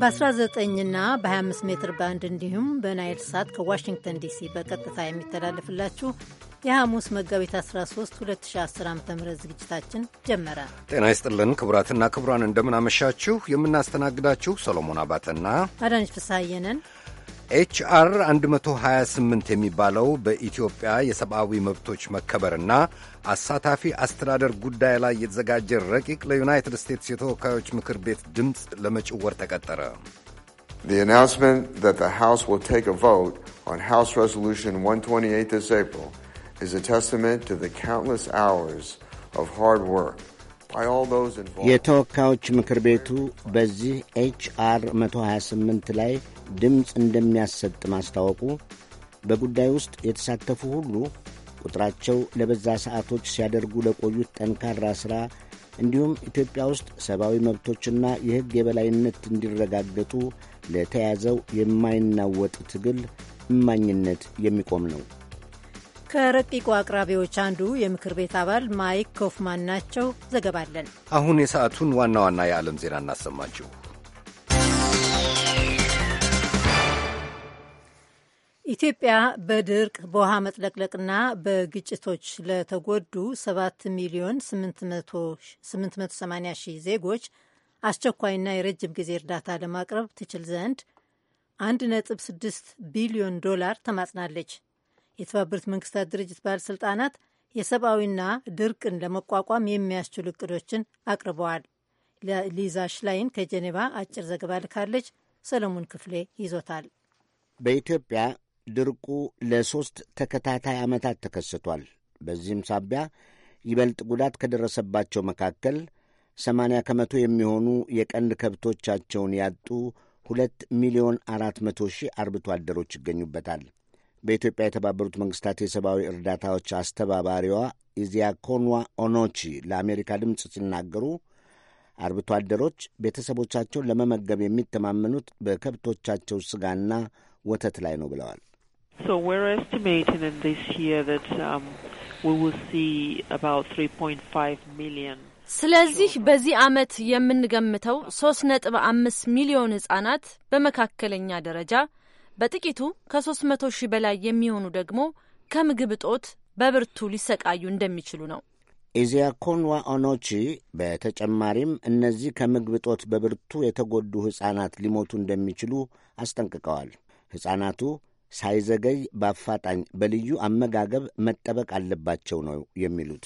በ19 ና በ25 ሜትር ባንድ እንዲሁም በናይል ሳት ከዋሽንግተን ዲሲ በቀጥታ የሚተላለፍላችሁ የሐሙስ መጋቢት 13 2010 ዓ ም ዝግጅታችን ጀመረ። ጤና ይስጥልን ክቡራትና ክቡራን፣ እንደምናመሻችሁ። የምናስተናግዳችሁ ሰሎሞን አባተና አዳነች ፍስሐዬ ኤችአር 128 የሚባለው በኢትዮጵያ የሰብአዊ መብቶች መከበርና አሳታፊ አስተዳደር ጉዳይ ላይ የተዘጋጀ ረቂቅ ለዩናይትድ ስቴትስ የተወካዮች ምክር ቤት ድምፅ ለመጭወር ተቀጠረ። The announcement that the House will take a vote on House Resolution 128 this April is a testament to the countless hours of hard work. የተወካዮች ምክር ቤቱ በዚህ ኤችአር 128 ላይ ድምፅ እንደሚያሰጥ ማስታወቁ በጉዳይ ውስጥ የተሳተፉ ሁሉ ቁጥራቸው ለበዛ ሰዓቶች ሲያደርጉ ለቆዩት ጠንካራ ሥራ እንዲሁም ኢትዮጵያ ውስጥ ሰብአዊ መብቶችና የሕግ የበላይነት እንዲረጋገጡ ለተያዘው የማይናወጥ ትግል እማኝነት የሚቆም ነው። ከረቂቁ አቅራቢዎች አንዱ የምክር ቤት አባል ማይክ ኮፍማን ናቸው። ዘገባለን። አሁን የሰዓቱን ዋና ዋና የዓለም ዜና እናሰማችሁ። ኢትዮጵያ በድርቅ በውሃ መጥለቅለቅና በግጭቶች ለተጎዱ 7 ሚሊዮን 880 ሺህ ዜጎች አስቸኳይና የረጅም ጊዜ እርዳታ ለማቅረብ ትችል ዘንድ 1.6 ቢሊዮን ዶላር ተማጽናለች። የተባበሩት መንግስታት ድርጅት ባለሥልጣናት የሰብአዊና ድርቅን ለመቋቋም የሚያስችሉ እቅዶችን አቅርበዋል። ሊዛ ሽላይን ከጀኔባ አጭር ዘገባ ልካለች። ሰለሞን ክፍሌ ይዞታል። በኢትዮጵያ ድርቁ ለሦስት ተከታታይ ዓመታት ተከስቷል። በዚህም ሳቢያ ይበልጥ ጉዳት ከደረሰባቸው መካከል ሰማንያ ከመቶ የሚሆኑ የቀንድ ከብቶቻቸውን ያጡ ሁለት ሚሊዮን አራት መቶ ሺህ አርብቶ አደሮች ይገኙበታል። በኢትዮጵያ የተባበሩት መንግስታት የሰብአዊ እርዳታዎች አስተባባሪዋ ኢዚያኮንዋ ኦኖቺ ለአሜሪካ ድምፅ ሲናገሩ አርብቶ አደሮች ቤተሰቦቻቸውን ለመመገብ የሚተማመኑት በከብቶቻቸው ስጋና ወተት ላይ ነው ብለዋል። So we're estimating in this year that um, we will see about 3.5 million ስለዚህ በዚህ ዓመት የምንገምተው 3.5 ነጥብ አምስት ሚሊዮን ህጻናት በመካከለኛ ደረጃ በጥቂቱ ከ 300 ሺህ በላይ የሚሆኑ ደግሞ ከምግብ እጦት በብርቱ ሊሰቃዩ እንደሚችሉ ነው። ኢዚያኮንዋ ኦኖቺ በተጨማሪም እነዚህ ከምግብ እጦት በብርቱ የተጎዱ ሕፃናት ሊሞቱ እንደሚችሉ አስጠንቅቀዋል። ሕፃናቱ ሳይዘገይ በአፋጣኝ በልዩ አመጋገብ መጠበቅ አለባቸው ነው የሚሉት።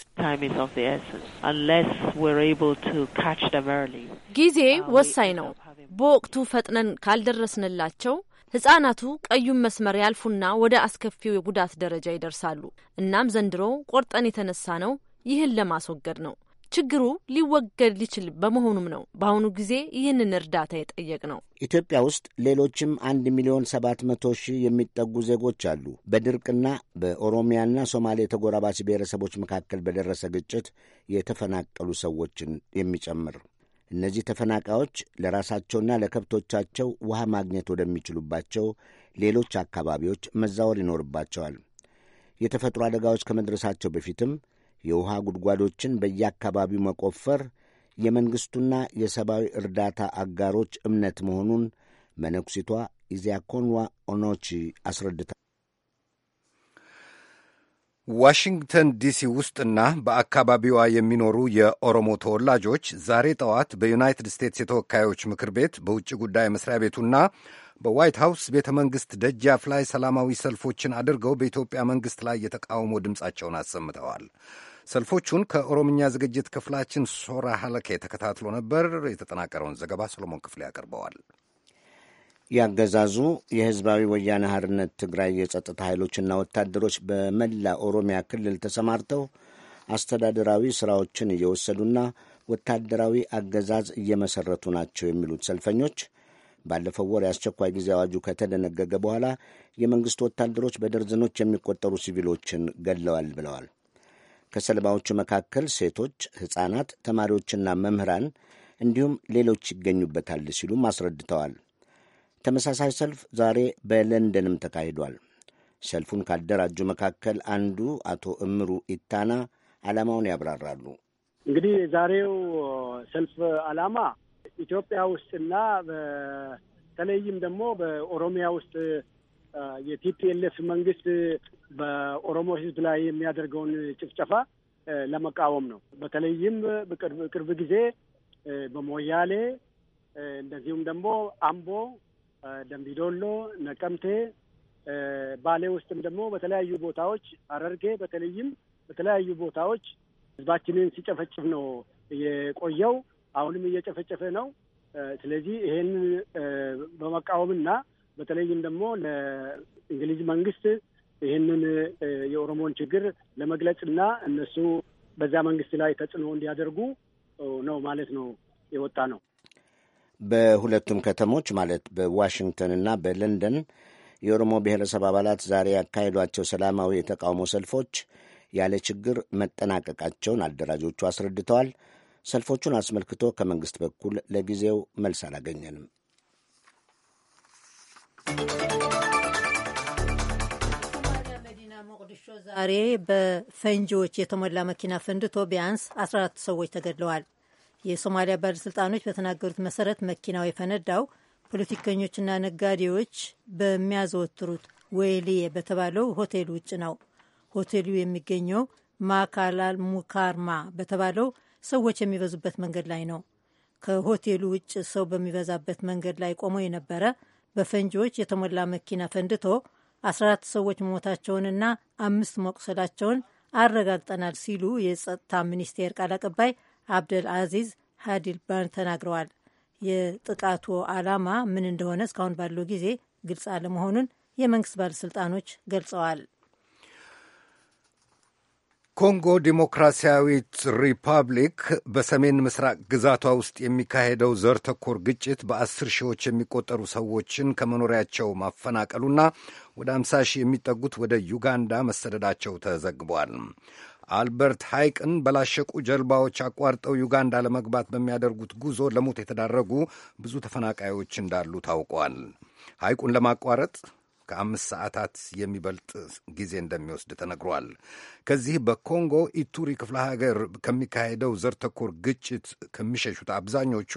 ጊዜ ወሳኝ ነው። በወቅቱ ፈጥነን ካልደረስንላቸው ሕጻናቱ ቀዩን መስመር ያልፉና ወደ አስከፊው የጉዳት ደረጃ ይደርሳሉ። እናም ዘንድሮ ቆርጠን የተነሳ ነው ይህን ለማስወገድ ነው። ችግሩ ሊወገድ ሊችል በመሆኑም ነው በአሁኑ ጊዜ ይህንን እርዳታ የጠየቅ ነው። ኢትዮጵያ ውስጥ ሌሎችም አንድ ሚሊዮን ሰባት መቶ ሺህ የሚጠጉ ዜጎች አሉ። በድርቅና በኦሮሚያና ሶማሌ የተጎራባች ብሔረሰቦች መካከል በደረሰ ግጭት የተፈናቀሉ ሰዎችን የሚጨምር እነዚህ ተፈናቃዮች ለራሳቸውና ለከብቶቻቸው ውሃ ማግኘት ወደሚችሉባቸው ሌሎች አካባቢዎች መዛወር ይኖርባቸዋል። የተፈጥሮ አደጋዎች ከመድረሳቸው በፊትም የውሃ ጉድጓዶችን በየአካባቢው መቆፈር የመንግሥቱና የሰብአዊ እርዳታ አጋሮች እምነት መሆኑን መነኩሲቷ ኢዚያኮንዋ ኦኖቺ አስረድታል። ዋሽንግተን ዲሲ ውስጥና በአካባቢዋ የሚኖሩ የኦሮሞ ተወላጆች ዛሬ ጠዋት በዩናይትድ ስቴትስ የተወካዮች ምክር ቤት በውጭ ጉዳይ መስሪያ ቤቱና በዋይት ሃውስ ቤተ መንግሥት ደጃፍ ላይ ሰላማዊ ሰልፎችን አድርገው በኢትዮጵያ መንግሥት ላይ የተቃውሞ ድምፃቸውን አሰምተዋል። ሰልፎቹን ከኦሮምኛ ዝግጅት ክፍላችን ሶራ ሀለኬ ተከታትሎ ነበር። የተጠናቀረውን ዘገባ ሰሎሞን ክፍሌ ያቀርበዋል። ያገዛዙ የህዝባዊ ወያነ ሀርነት ትግራይ የጸጥታ ኃይሎችና ወታደሮች በመላ ኦሮሚያ ክልል ተሰማርተው አስተዳደራዊ ሥራዎችን እየወሰዱና ወታደራዊ አገዛዝ እየመሠረቱ ናቸው የሚሉት ሰልፈኞች ባለፈው ወር የአስቸኳይ ጊዜ አዋጁ ከተደነገገ በኋላ የመንግሥት ወታደሮች በደርዘኖች የሚቆጠሩ ሲቪሎችን ገድለዋል ብለዋል። ከሰለባዎቹ መካከል ሴቶች፣ ሕፃናት፣ ተማሪዎችና መምህራን እንዲሁም ሌሎች ይገኙበታል ሲሉም አስረድተዋል። ተመሳሳይ ሰልፍ ዛሬ በለንደንም ተካሂዷል። ሰልፉን ካደራጁ መካከል አንዱ አቶ እምሩ ኢታና ዓላማውን ያብራራሉ። እንግዲህ የዛሬው ሰልፍ ዓላማ ኢትዮጵያ ውስጥና በተለይም ደግሞ በኦሮሚያ ውስጥ የቲፒኤልኤፍ መንግስት በኦሮሞ ህዝብ ላይ የሚያደርገውን ጭፍጨፋ ለመቃወም ነው። በተለይም ቅርብ ጊዜ በሞያሌ እንደዚሁም ደግሞ አምቦ፣ ደንቢዶሎ፣ ነቀምቴ፣ ባሌ ውስጥም ደግሞ በተለያዩ ቦታዎች አረርጌ በተለይም በተለያዩ ቦታዎች ህዝባችንን ሲጨፈጭፍ ነው የቆየው። አሁንም እየጨፈጨፈ ነው። ስለዚህ ይሄን በመቃወምና በተለይም ደግሞ ለእንግሊዝ መንግስት ይህንን የኦሮሞን ችግር ለመግለጽና እነሱ በዛ መንግስት ላይ ተጽዕኖ እንዲያደርጉ ነው ማለት ነው የወጣ ነው። በሁለቱም ከተሞች ማለት በዋሽንግተንና በለንደን የኦሮሞ ብሔረሰብ አባላት ዛሬ ያካሄዷቸው ሰላማዊ የተቃውሞ ሰልፎች ያለ ችግር መጠናቀቃቸውን አደራጆቹ አስረድተዋል። ሰልፎቹን አስመልክቶ ከመንግስት በኩል ለጊዜው መልስ አላገኘንም። ሞቅዲሾ ዛሬ በፈንጂዎች የተሞላ መኪና ፈንድቶ ቢያንስ 14 ሰዎች ተገድለዋል። የሶማሊያ ባለሥልጣኖች በተናገሩት መሰረት መኪናው የፈነዳው ፖለቲከኞችና ነጋዴዎች በሚያዘወትሩት ወይልዬ በተባለው ሆቴል ውጭ ነው። ሆቴሉ የሚገኘው ማካላል ሙካርማ በተባለው ሰዎች የሚበዙበት መንገድ ላይ ነው። ከሆቴሉ ውጭ ሰው በሚበዛበት መንገድ ላይ ቆሞ የነበረ በፈንጂዎች የተሞላ መኪና ፈንድቶ 14 ሰዎች መሞታቸውንና አምስት መቁሰላቸውን አረጋግጠናል ሲሉ የጸጥታ ሚኒስቴር ቃል አቀባይ አብደል አዚዝ ሀዲል ባን ተናግረዋል። የጥቃቱ ዓላማ ምን እንደሆነ እስካሁን ባለው ጊዜ ግልጽ አለመሆኑን የመንግስት ባለሥልጣኖች ገልጸዋል። ኮንጎ ዲሞክራሲያዊት ሪፐብሊክ በሰሜን ምስራቅ ግዛቷ ውስጥ የሚካሄደው ዘር ተኮር ግጭት በአስር ሺዎች የሚቆጠሩ ሰዎችን ከመኖሪያቸው ማፈናቀሉና ወደ አምሳ ሺህ የሚጠጉት ወደ ዩጋንዳ መሰደዳቸው ተዘግቧል። አልበርት ሐይቅን በላሸቁ ጀልባዎች አቋርጠው ዩጋንዳ ለመግባት በሚያደርጉት ጉዞ ለሞት የተዳረጉ ብዙ ተፈናቃዮች እንዳሉ ታውቋል። ሐይቁን ለማቋረጥ ከአምስት ሰዓታት የሚበልጥ ጊዜ እንደሚወስድ ተነግሯል። ከዚህ በኮንጎ ኢቱሪ ክፍለ ሀገር ከሚካሄደው ዘር ተኮር ግጭት ከሚሸሹት አብዛኞቹ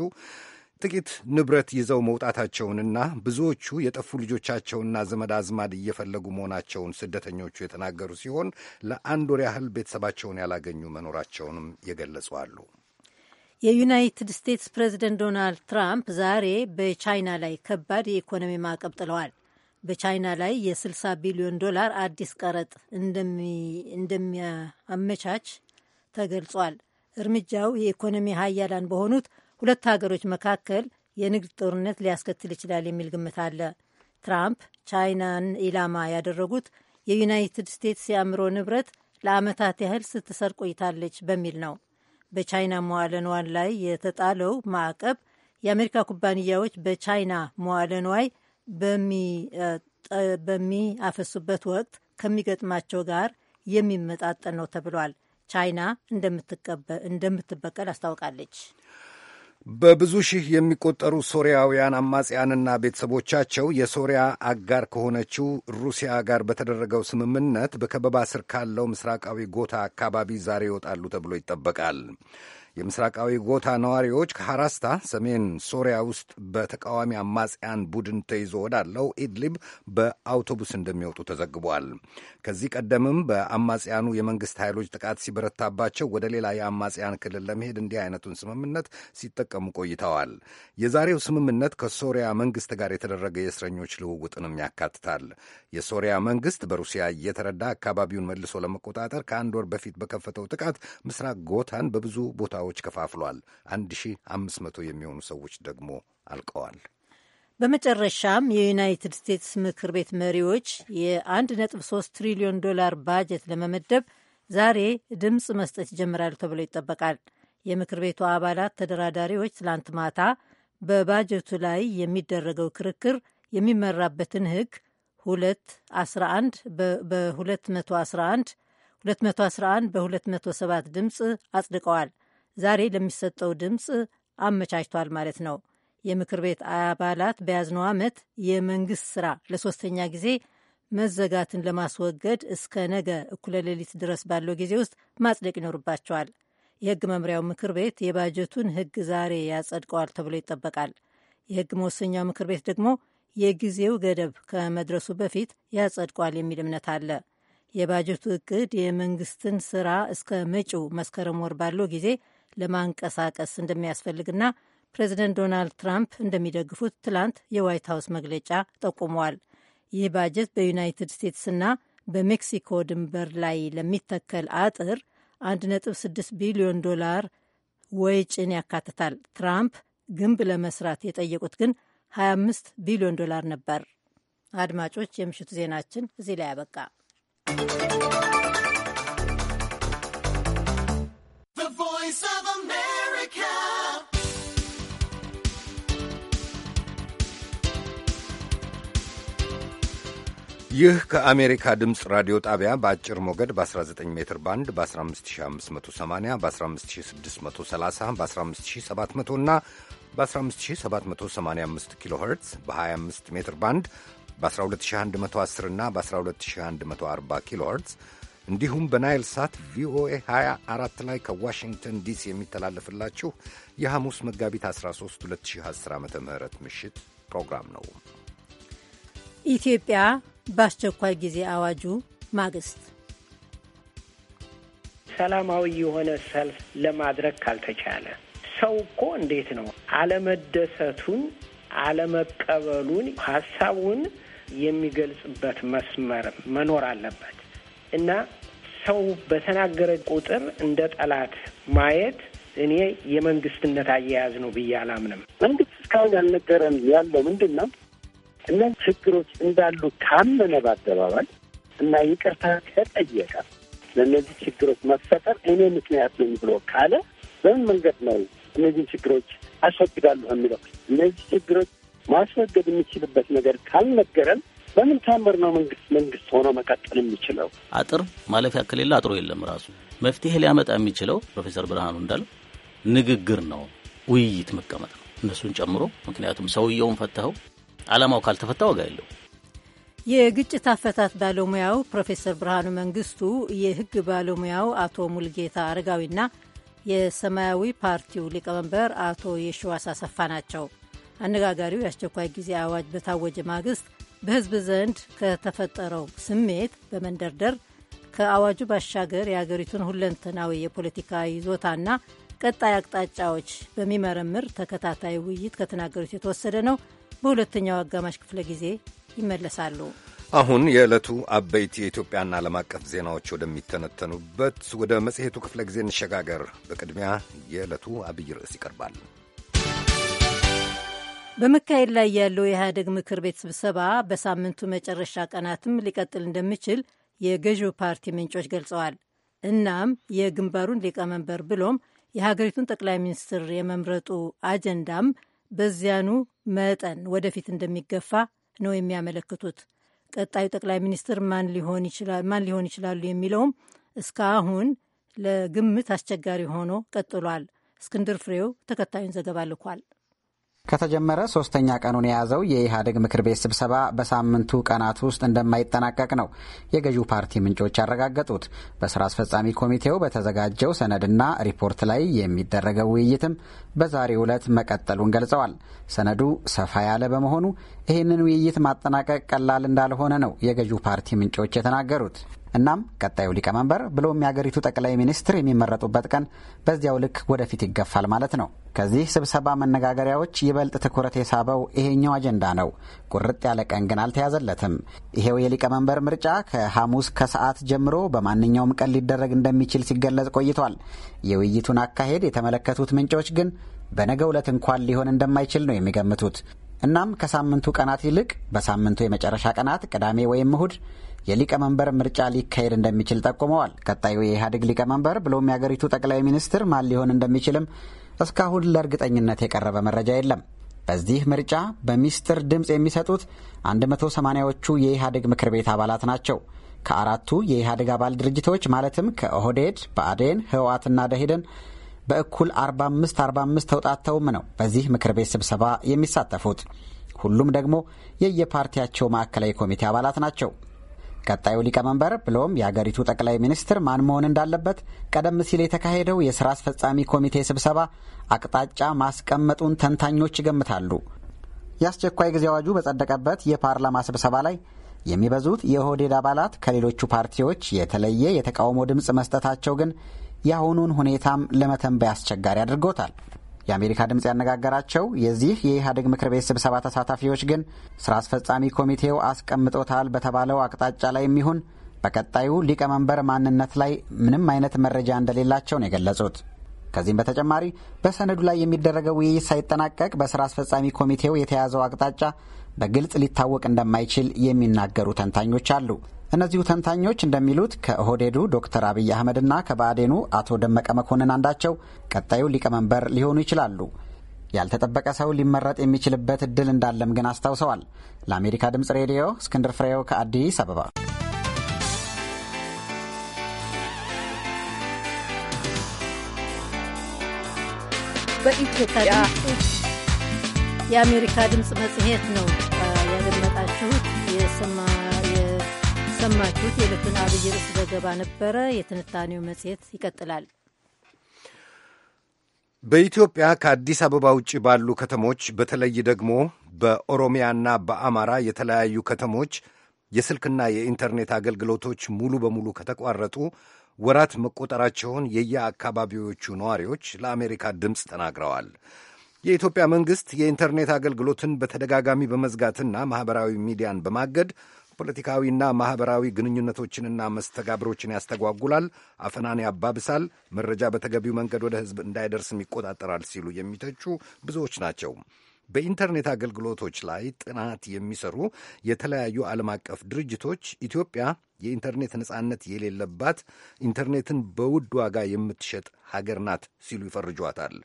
ጥቂት ንብረት ይዘው መውጣታቸውንና ብዙዎቹ የጠፉ ልጆቻቸውና ዘመድ አዝማድ እየፈለጉ መሆናቸውን ስደተኞቹ የተናገሩ ሲሆን ለአንድ ወር ያህል ቤተሰባቸውን ያላገኙ መኖራቸውንም የገለጹ አሉ። የዩናይትድ ስቴትስ ፕሬዚደንት ዶናልድ ትራምፕ ዛሬ በቻይና ላይ ከባድ የኢኮኖሚ ማዕቀብ ጥለዋል። በቻይና ላይ የ60 ቢሊዮን ዶላር አዲስ ቀረጥ እንደሚያመቻች ተገልጿል። እርምጃው የኢኮኖሚ ሀያላን በሆኑት ሁለት ሀገሮች መካከል የንግድ ጦርነት ሊያስከትል ይችላል የሚል ግምት አለ። ትራምፕ ቻይናን ኢላማ ያደረጉት የዩናይትድ ስቴትስ የአእምሮ ንብረት ለዓመታት ያህል ስትሰር ቆይታለች በሚል ነው። በቻይና መዋለ ንዋይ ላይ የተጣለው ማዕቀብ የአሜሪካ ኩባንያዎች በቻይና መዋለ ንዋይ በሚያፈሱበት ወቅት ከሚገጥማቸው ጋር የሚመጣጠን ነው ተብሏል። ቻይና እንደምትበቀል አስታውቃለች። በብዙ ሺህ የሚቆጠሩ ሶሪያውያን አማጽያንና ቤተሰቦቻቸው የሶሪያ አጋር ከሆነችው ሩሲያ ጋር በተደረገው ስምምነት በከበባ ስር ካለው ምስራቃዊ ጎታ አካባቢ ዛሬ ይወጣሉ ተብሎ ይጠበቃል። የምስራቃዊ ጎታ ነዋሪዎች ከሐራስታ ሰሜን ሶሪያ ውስጥ በተቃዋሚ አማጽያን ቡድን ተይዞ ወዳለው ኢድሊብ በአውቶቡስ እንደሚወጡ ተዘግቧል። ከዚህ ቀደምም በአማጽያኑ የመንግሥት ኃይሎች ጥቃት ሲበረታባቸው ወደ ሌላ የአማጽያን ክልል ለመሄድ እንዲህ አይነቱን ስምምነት ሲጠቀሙ ቆይተዋል። የዛሬው ስምምነት ከሶሪያ መንግሥት ጋር የተደረገ የእስረኞች ልውውጥንም ያካትታል። የሶሪያ መንግሥት በሩሲያ እየተረዳ አካባቢውን መልሶ ለመቆጣጠር ከአንድ ወር በፊት በከፈተው ጥቃት ምስራቅ ጎታን በብዙ ቦታ ቦታዎች ከፋፍሏል። 1500 የሚሆኑ ሰዎች ደግሞ አልቀዋል። በመጨረሻም የዩናይትድ ስቴትስ ምክር ቤት መሪዎች የ1.3 ትሪሊዮን ዶላር ባጀት ለመመደብ ዛሬ ድምፅ መስጠት ይጀምራሉ ተብሎ ይጠበቃል። የምክር ቤቱ አባላት ተደራዳሪዎች ትላንት ማታ በባጀቱ ላይ የሚደረገው ክርክር የሚመራበትን ህግ 211 በ211 211 በ207 ድምፅ አጽድቀዋል። ዛሬ ለሚሰጠው ድምፅ አመቻችቷል ማለት ነው። የምክር ቤት አባላት በያዝነው ዓመት የመንግሥት ሥራ ለሶስተኛ ጊዜ መዘጋትን ለማስወገድ እስከ ነገ እኩለ ሌሊት ድረስ ባለው ጊዜ ውስጥ ማጽደቅ ይኖርባቸዋል። የሕግ መምሪያው ምክር ቤት የባጀቱን ሕግ ዛሬ ያጸድቀዋል ተብሎ ይጠበቃል። የሕግ መወሰኛው ምክር ቤት ደግሞ የጊዜው ገደብ ከመድረሱ በፊት ያጸድቋል የሚል እምነት አለ። የባጀቱ እቅድ የመንግስትን ስራ እስከ መጪው መስከረም ወር ባለው ጊዜ ለማንቀሳቀስ እንደሚያስፈልግና ፕሬዚደንት ዶናልድ ትራምፕ እንደሚደግፉት ትላንት የዋይት ሀውስ መግለጫ ጠቁመዋል። ይህ ባጀት በዩናይትድ ስቴትስና በሜክሲኮ ድንበር ላይ ለሚተከል አጥር 1.6 ቢሊዮን ዶላር ወጪን ያካትታል። ትራምፕ ግንብ ለመስራት የጠየቁት ግን 25 ቢሊዮን ዶላር ነበር። አድማጮች፣ የምሽቱ ዜናችን እዚህ ላይ ያበቃ። Voice of America. ይህ ከአሜሪካ ድምፅ ራዲዮ ጣቢያ በአጭር ሞገድ በ19 ሜትር ባንድ በ15580 በ15630 በ15700 እና በ15785 ኪሎ ኸርትዝ በ25 ሜትር ባንድ በ12110 እና በ12140 ኪሎ ኸርትዝ እንዲሁም በናይል ሳት ቪኦኤ 24 ላይ ከዋሽንግተን ዲሲ የሚተላለፍላችሁ የሐሙስ መጋቢት 13 2010 ዓ ም ምሽት ፕሮግራም ነው። ኢትዮጵያ በአስቸኳይ ጊዜ አዋጁ ማግስት ሰላማዊ የሆነ ሰልፍ ለማድረግ ካልተቻለ ሰው እኮ እንዴት ነው አለመደሰቱን አለመቀበሉን ሀሳቡን የሚገልጽበት መስመር መኖር አለበት። እና ሰው በተናገረ ቁጥር እንደ ጠላት ማየት እኔ የመንግስትነት አያያዝ ነው ብዬ አላምንም። መንግስት እስካሁን ያልነገረን ያለው ምንድን ነው? እነዚህ ችግሮች እንዳሉ ካመነ በአደባባይ እና ይቅርታ ከጠየቀ ለእነዚህ ችግሮች መፈጠር እኔ ምክንያት ነኝ ብሎ ካለ በምን መንገድ ነው እነዚህን ችግሮች አስወግዳለሁ የሚለው? እነዚህ ችግሮች ማስወገድ የሚችልበት ነገር ካልነገረን በምን ታምር ነው መንግስት መንግስት ሆኖ መቀጠል የሚችለው? አጥር ማለፊያ ከሌለ አጥሮ የለም። ራሱ መፍትሄ ሊያመጣ የሚችለው ፕሮፌሰር ብርሃኑ እንዳለው ንግግር ነው፣ ውይይት መቀመጥ ነው፣ እነሱን ጨምሮ። ምክንያቱም ሰውየውን ፈታኸው አላማው ካልተፈታ ዋጋ የለው። የግጭት አፈታት ባለሙያው ፕሮፌሰር ብርሃኑ መንግስቱ፣ የህግ ባለሙያው አቶ ሙልጌታ አረጋዊና የሰማያዊ ፓርቲው ሊቀመንበር አቶ የሸዋስ አሰፋ ናቸው። አነጋጋሪው የአስቸኳይ ጊዜ አዋጅ በታወጀ ማግስት በህዝብ ዘንድ ከተፈጠረው ስሜት በመንደርደር ከአዋጁ ባሻገር የአገሪቱን ሁለንተናዊ የፖለቲካ ይዞታና ቀጣይ አቅጣጫዎች በሚመረምር ተከታታይ ውይይት ከተናገሩት የተወሰደ ነው። በሁለተኛው አጋማሽ ክፍለ ጊዜ ይመለሳሉ። አሁን የዕለቱ አበይት የኢትዮጵያና ዓለም አቀፍ ዜናዎች ወደሚተነተኑበት ወደ መጽሔቱ ክፍለ ጊዜ እንሸጋገር። በቅድሚያ የዕለቱ አብይ ርዕስ ይቀርባል። በመካሄድ ላይ ያለው የኢህአደግ ምክር ቤት ስብሰባ በሳምንቱ መጨረሻ ቀናትም ሊቀጥል እንደሚችል የገዢው ፓርቲ ምንጮች ገልጸዋል። እናም የግንባሩን ሊቀመንበር ብሎም የሀገሪቱን ጠቅላይ ሚኒስትር የመምረጡ አጀንዳም በዚያኑ መጠን ወደፊት እንደሚገፋ ነው የሚያመለክቱት። ቀጣዩ ጠቅላይ ሚኒስትር ማን ሊሆን ይችላሉ የሚለውም እስካሁን ለግምት አስቸጋሪ ሆኖ ቀጥሏል። እስክንድር ፍሬው ተከታዩን ዘገባ ልኳል። ከተጀመረ ሶስተኛ ቀኑን የያዘው የኢህአዴግ ምክር ቤት ስብሰባ በሳምንቱ ቀናት ውስጥ እንደማይጠናቀቅ ነው የገዢው ፓርቲ ምንጮች ያረጋገጡት። በስራ አስፈጻሚ ኮሚቴው በተዘጋጀው ሰነድና ሪፖርት ላይ የሚደረገው ውይይትም በዛሬው ዕለት መቀጠሉን ገልጸዋል። ሰነዱ ሰፋ ያለ በመሆኑ ይህንን ውይይት ማጠናቀቅ ቀላል እንዳልሆነ ነው የገዢው ፓርቲ ምንጮች የተናገሩት። እናም ቀጣዩ ሊቀመንበር ብሎም የአገሪቱ ጠቅላይ ሚኒስትር የሚመረጡበት ቀን በዚያው ልክ ወደፊት ይገፋል ማለት ነው። ከዚህ ስብሰባ መነጋገሪያዎች ይበልጥ ትኩረት የሳበው ይሄኛው አጀንዳ ነው። ቁርጥ ያለ ቀን ግን አልተያዘለትም። ይሄው የሊቀመንበር ምርጫ ከሐሙስ ከሰዓት ጀምሮ በማንኛውም ቀን ሊደረግ እንደሚችል ሲገለጽ ቆይቷል። የውይይቱን አካሄድ የተመለከቱት ምንጮች ግን በነገ ዕለት እንኳን ሊሆን እንደማይችል ነው የሚገምቱት። እናም ከሳምንቱ ቀናት ይልቅ በሳምንቱ የመጨረሻ ቀናት ቅዳሜ ወይም እሁድ የሊቀመንበር ምርጫ ሊካሄድ እንደሚችል ጠቁመዋል። ቀጣዩ የኢህአዴግ ሊቀመንበር ብሎም የአገሪቱ ጠቅላይ ሚኒስትር ማን ሊሆን እንደሚችልም እስካሁን ለእርግጠኝነት የቀረበ መረጃ የለም። በዚህ ምርጫ በሚስጥር ድምፅ የሚሰጡት 180ዎቹ የኢህአዴግ ምክር ቤት አባላት ናቸው። ከአራቱ የኢህአዴግ አባል ድርጅቶች ማለትም ከኦህዴድ፣ ብአዴን፣ ህወሓትና ደኢህዴን በእኩል 45 45 ተውጣተውም ነው በዚህ ምክር ቤት ስብሰባ የሚሳተፉት። ሁሉም ደግሞ የየፓርቲያቸው ማዕከላዊ ኮሚቴ አባላት ናቸው። ቀጣዩ ሊቀመንበር ብሎም የአገሪቱ ጠቅላይ ሚኒስትር ማን መሆን እንዳለበት ቀደም ሲል የተካሄደው የስራ አስፈጻሚ ኮሚቴ ስብሰባ አቅጣጫ ማስቀመጡን ተንታኞች ይገምታሉ። የአስቸኳይ ጊዜ አዋጁ በጸደቀበት የፓርላማ ስብሰባ ላይ የሚበዙት የኦህዴድ አባላት ከሌሎቹ ፓርቲዎች የተለየ የተቃውሞ ድምፅ መስጠታቸው ግን የአሁኑን ሁኔታም ለመተንበይ አስቸጋሪ አድርጎታል። የአሜሪካ ድምፅ ያነጋገራቸው የዚህ የኢህአዴግ ምክር ቤት ስብሰባ ተሳታፊዎች ግን ስራ አስፈጻሚ ኮሚቴው አስቀምጦታል በተባለው አቅጣጫ ላይ የሚሆን በቀጣዩ ሊቀመንበር ማንነት ላይ ምንም አይነት መረጃ እንደሌላቸው ነው የገለጹት። ከዚህም በተጨማሪ በሰነዱ ላይ የሚደረገው ውይይት ሳይጠናቀቅ በስራ አስፈጻሚ ኮሚቴው የተያዘው አቅጣጫ በግልጽ ሊታወቅ እንደማይችል የሚናገሩ ተንታኞች አሉ። እነዚሁ ተንታኞች እንደሚሉት ከኦህዴዱ ዶክተር አብይ አህመድና ከባዕዴኑ አቶ ደመቀ መኮንን አንዳቸው ቀጣዩ ሊቀመንበር ሊሆኑ ይችላሉ። ያልተጠበቀ ሰው ሊመረጥ የሚችልበት እድል እንዳለም ግን አስታውሰዋል። ለአሜሪካ ድምፅ ሬዲዮ እስክንድር ፍሬው ከአዲስ አበባ። በኢትዮጵያ የአሜሪካ ድምፅ መጽሔት ነው ያደመጣችሁት የሰማ የሰማችሁት የዕለቱን አብይ ርዕስ ዘገባ ነበረ። የትንታኔው መጽሔት ይቀጥላል። በኢትዮጵያ ከአዲስ አበባ ውጭ ባሉ ከተሞች በተለይ ደግሞ በኦሮሚያና በአማራ የተለያዩ ከተሞች የስልክና የኢንተርኔት አገልግሎቶች ሙሉ በሙሉ ከተቋረጡ ወራት መቆጠራቸውን የየአካባቢዎቹ ነዋሪዎች ለአሜሪካ ድምፅ ተናግረዋል። የኢትዮጵያ መንግሥት የኢንተርኔት አገልግሎትን በተደጋጋሚ በመዝጋትና ማኅበራዊ ሚዲያን በማገድ ፖለቲካዊና ማኅበራዊ ግንኙነቶችንና መስተጋብሮችን ያስተጓጉላል፣ አፈናን ያባብሳል፣ መረጃ በተገቢው መንገድ ወደ ሕዝብ እንዳይደርስም ይቆጣጠራል ሲሉ የሚተቹ ብዙዎች ናቸው። በኢንተርኔት አገልግሎቶች ላይ ጥናት የሚሰሩ የተለያዩ ዓለም አቀፍ ድርጅቶች ኢትዮጵያ የኢንተርኔት ነጻነት የሌለባት ኢንተርኔትን በውድ ዋጋ የምትሸጥ ሀገር ናት ሲሉ ይፈርጇታል።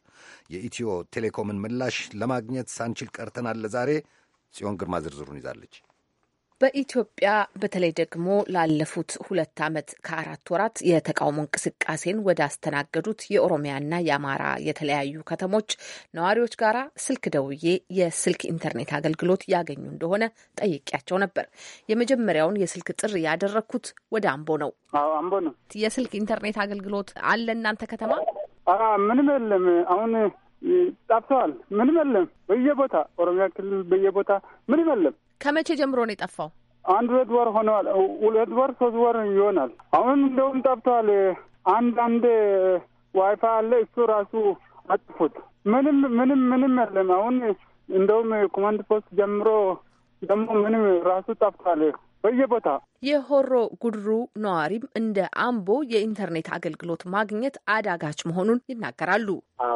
የኢትዮ ቴሌኮምን ምላሽ ለማግኘት ሳንችል ቀርተናል ለዛሬ። ጽዮን ግርማ ዝርዝሩን ይዛለች። በኢትዮጵያ በተለይ ደግሞ ላለፉት ሁለት ዓመት ከአራት ወራት የተቃውሞ እንቅስቃሴን ወደ አስተናገዱት የኦሮሚያና የአማራ የተለያዩ ከተሞች ነዋሪዎች ጋራ ስልክ ደውዬ የስልክ ኢንተርኔት አገልግሎት ያገኙ እንደሆነ ጠይቄያቸው ነበር። የመጀመሪያውን የስልክ ጥሪ ያደረግኩት ወደ አምቦ ነው። አዎ አምቦ ነው። የስልክ ኢንተርኔት አገልግሎት አለ እናንተ ከተማ? ምንም የለም አሁን ጠፍተዋል። ምንም የለም። በየቦታ ኦሮሚያ ክልል በየቦታ ምንም የለም። ከመቼ ጀምሮ ነው የጠፋው? አንድ ሁለት ወር ሆነዋል። ሁለት ወር ሶስት ወር ይሆናል። አሁን እንደውም ጠፍተዋል። አንድ አንድ ዋይፋይ አለ እሱ ራሱ አጥፉት። ምንም ምንም ምንም የለም። አሁን እንደውም ኮማንድ ፖስት ጀምሮ ደግሞ ምንም ራሱ ጠፍቷል። በየቦታ የሆሮ ጉድሩ ነዋሪም እንደ አምቦ የኢንተርኔት አገልግሎት ማግኘት አዳጋች መሆኑን ይናገራሉ።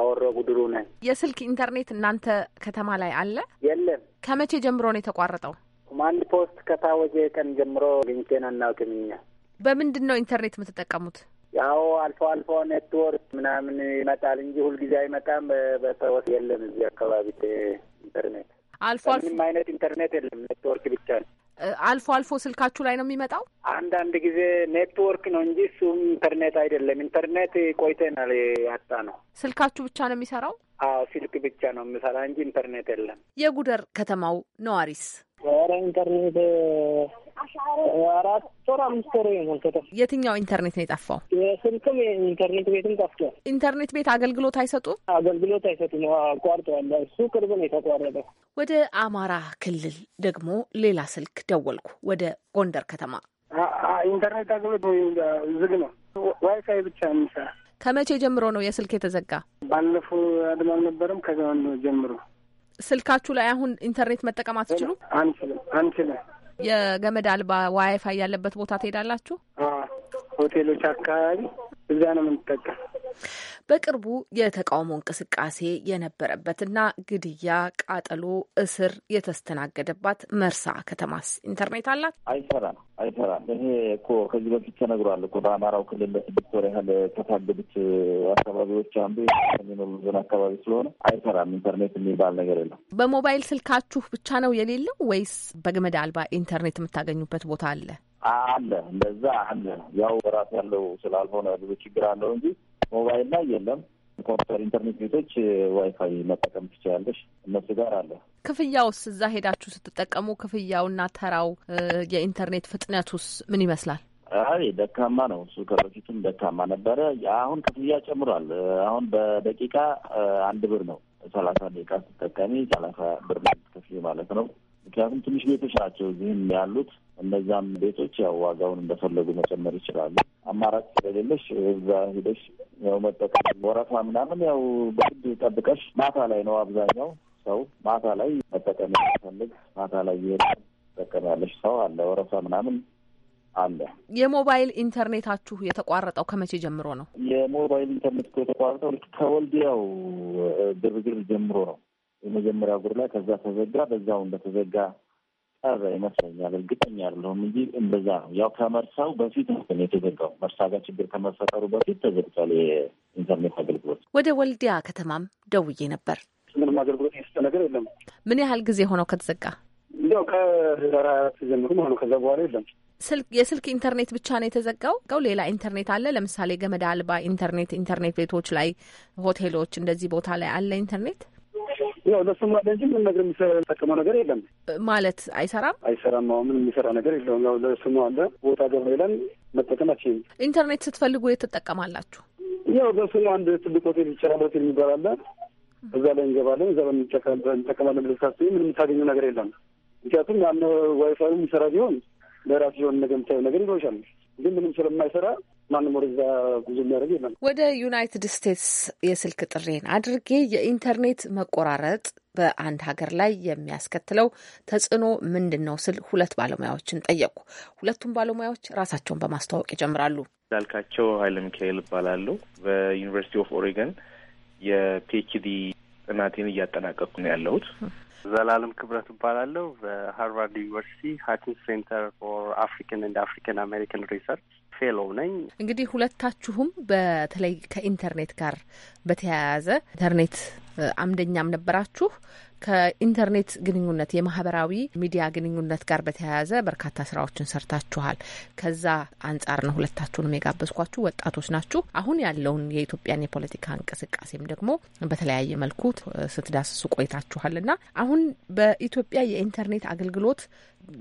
ሆሮ ጉድሩ ነ የስልክ ኢንተርኔት እናንተ ከተማ ላይ አለ? የለም። ከመቼ ጀምሮ ነው የተቋረጠው? ኮማንድ ፖስት ከታወጀ ቀን ጀምሮ ግኝቴን አናውቅም። እኛ በምንድን ነው ኢንተርኔት የምትጠቀሙት? ያው አልፎ አልፎ ኔትወርክ ምናምን ይመጣል እንጂ ሁልጊዜ አይመጣም። በተወስ የለም እዚህ አካባቢ ኢንተርኔት አልፎ አልፎ ምንም አይነት ኢንተርኔት የለም። ኔትወርክ ብቻ ነው። አልፎ አልፎ ስልካችሁ ላይ ነው የሚመጣው። አንዳንድ ጊዜ ኔትወርክ ነው እንጂ እሱም ኢንተርኔት አይደለም። ኢንተርኔት ቆይተናል ያጣ ነው። ስልካችሁ ብቻ ነው የሚሰራው? አዎ ስልክ ብቻ ነው የሚሰራ እንጂ ኢንተርኔት የለም። የጉደር ከተማው ነዋሪስ ኧረ ኢንተርኔት አራት ወር አምስት ወር የሞልከተ የትኛው ኢንተርኔት ነው የጠፋው? የስልክም ኢንተርኔት ቤትም ጠፍቷል። ኢንተርኔት ቤት አገልግሎት አይሰጡም፣ አገልግሎት አይሰጡም፣ አቋርጠዋል። እሱ ቅርብ ነው የተቋረጠው። ወደ አማራ ክልል ደግሞ ሌላ ስልክ ደወልኩ፣ ወደ ጎንደር ከተማ። ኢንተርኔት አገልግሎት ዝግ ነው፣ ዋይፋይ ብቻ የሚሰራ። ከመቼ ጀምሮ ነው የስልክ የተዘጋ? ባለፈው አድማ አልነበረም? ከዛ ጀምሮ ስልካችሁ ላይ አሁን ኢንተርኔት መጠቀም አትችሉ? አንችልም አንችልም። የገመድ አልባ ዋይፋይ ያለበት ቦታ ትሄዳላችሁ? ሆቴሎች አካባቢ እዚያ ነው የምንጠቀም። በቅርቡ የተቃውሞ እንቅስቃሴ የነበረበትና ግድያ፣ ቃጠሎ፣ እስር የተስተናገደባት መርሳ ከተማስ ኢንተርኔት አላት? አይሰራም፣ አይሰራም። ይሄ እኮ ከዚህ በፊት ተነግሯል እኮ በአማራው ክልል ለስድስት ወር ያህል ከታገዱት አካባቢዎች አንዱ የሚኖሩ አካባቢ ስለሆነ አይሰራም። ኢንተርኔት የሚባል ነገር የለም። በሞባይል ስልካችሁ ብቻ ነው የሌለው ወይስ በገመድ አልባ ኢንተርኔት የምታገኙበት ቦታ አለ? አለ እንደዛ አለ። ያው ጥራት ያለው ስላልሆነ ብዙ ችግር አለው እንጂ ሞባይል ላይ የለም። ኮምፒተር ኢንተርኔት ቤቶች ዋይፋይ መጠቀም ትችላለች። እነሱ ጋር አለ። ክፍያውስ እዛ ሄዳችሁ ስትጠቀሙ ክፍያውና ተራው የኢንተርኔት ፍጥነቱስ ምን ይመስላል? አይ ደካማ ነው እሱ። ከበፊቱም ደካማ ነበረ። አሁን ክፍያ ጨምሯል። አሁን በደቂቃ አንድ ብር ነው። ሰላሳ ደቂቃ ስትጠቀሚ ሰላሳ ብር ነው ማለት ነው። ምክንያቱም ትንሽ ቤቶች ናቸው እዚህም ያሉት። እነዛም ቤቶች ያው ዋጋውን እንደፈለጉ መጨመር ይችላሉ። አማራጭ ስለሌለሽ እዛ ሂደሽ ያው መጠቀም ወረፋ ምናምን ያው በግድ ጠብቀሽ ማታ ላይ ነው አብዛኛው ሰው ማታ ላይ መጠቀም የሚፈልግ ማታ ላይ ይሄ ጠቀም ያለሽ ሰው አለ። ወረፋ ምናምን አለ። የሞባይል ኢንተርኔታችሁ የተቋረጠው ከመቼ ጀምሮ ነው? የሞባይል ኢንተርኔት የተቋረጠው ልክ ከወልዲያው ግርግር ጀምሮ ነው። የመጀመሪያ ጉር ላይ ከዛ ተዘጋ። በዛው እንደተዘጋ ቀረ ይመስለኛል። እርግጠኛ አይደለሁም እንጂ እንደዛ ነው። ያው ከመርሳው በፊት ነው የተዘጋው። መርሳ ጋር ችግር ከመፈጠሩ በፊት ተዘግቷል የኢንተርኔት አገልግሎት። ወደ ወልዲያ ከተማም ደውዬ ነበር። ምንም አገልግሎት የሰጠ ነገር የለም። ምን ያህል ጊዜ ሆነው ከተዘጋ? እንዲያው ከራት ጀምሩ ሆነ። ከዛ በኋላ የለም። ስልክ የስልክ ኢንተርኔት ብቻ ነው የተዘጋው። ቀው ሌላ ኢንተርኔት አለ። ለምሳሌ ገመድ አልባ ኢንተርኔት ኢንተርኔት ቤቶች ላይ፣ ሆቴሎች እንደዚህ ቦታ ላይ አለ ኢንተርኔት ያው ለሱም አለ እንጂ ምን ነገር የሚሰራ የሚጠቀመው ነገር የለም ማለት አይሰራም፣ አይሰራም። አሁን ምን የሚሰራ ነገር የለውም። ያው ለሱም አለ ቦታ ገብ መጠቀም አችም ኢንተርኔት ስትፈልጉ የት ትጠቀማላችሁ? ያው በሱም አንድ ትልቅ ሆቴል ይቻላል ሆቴል የሚባላለ እዛ ላይ እንገባለን። እዛ እንጠቀማለን ብለህ ካስብ ምን የምታገኘው ነገር የለም። ምክንያቱም ያን ዋይፋይ የሚሰራ ቢሆን ለራሱ የሆነ ነገር የምታየው ነገር ይኖርሻል። ግን ምንም ስለማይሰራ ማንም ወደዛ ጉዞ የሚያደርግ የለም። ወደ ዩናይትድ ስቴትስ የስልክ ጥሬን አድርጌ የኢንተርኔት መቆራረጥ በአንድ ሀገር ላይ የሚያስከትለው ተጽዕኖ ምንድን ነው ስል ሁለት ባለሙያዎችን ጠየቁ። ሁለቱም ባለሙያዎች ራሳቸውን በማስተዋወቅ ይጀምራሉ። እንዳልካቸው ኃይለ ሚካኤል ይባላሉ። በዩኒቨርሲቲ ኦፍ ኦሬገን የፒኤችዲ ጥናቴን እያጠናቀኩ ነው ያለሁት። ዘላለም ክብረት እባላለሁ። በሃርቫርድ ዩኒቨርሲቲ ሀኪንግ ሴንተር ፎር አፍሪካን ኤንድ አፍሪካን አሜሪካን ሪሰርች ፌሎው ነኝ። እንግዲህ ሁለታችሁም በተለይ ከኢንተርኔት ጋር በተያያዘ ኢንተርኔት አምደኛም ነበራችሁ ከኢንተርኔት ግንኙነት የማህበራዊ ሚዲያ ግንኙነት ጋር በተያያዘ በርካታ ስራዎችን ሰርታችኋል። ከዛ አንጻር ነው ሁለታችሁንም የጋበዝኳችሁ። ወጣቶች ናችሁ። አሁን ያለውን የኢትዮጵያን የፖለቲካ እንቅስቃሴም ደግሞ በተለያየ መልኩ ስትዳስሱ ቆይታችኋል እና አሁን በኢትዮጵያ የኢንተርኔት አገልግሎት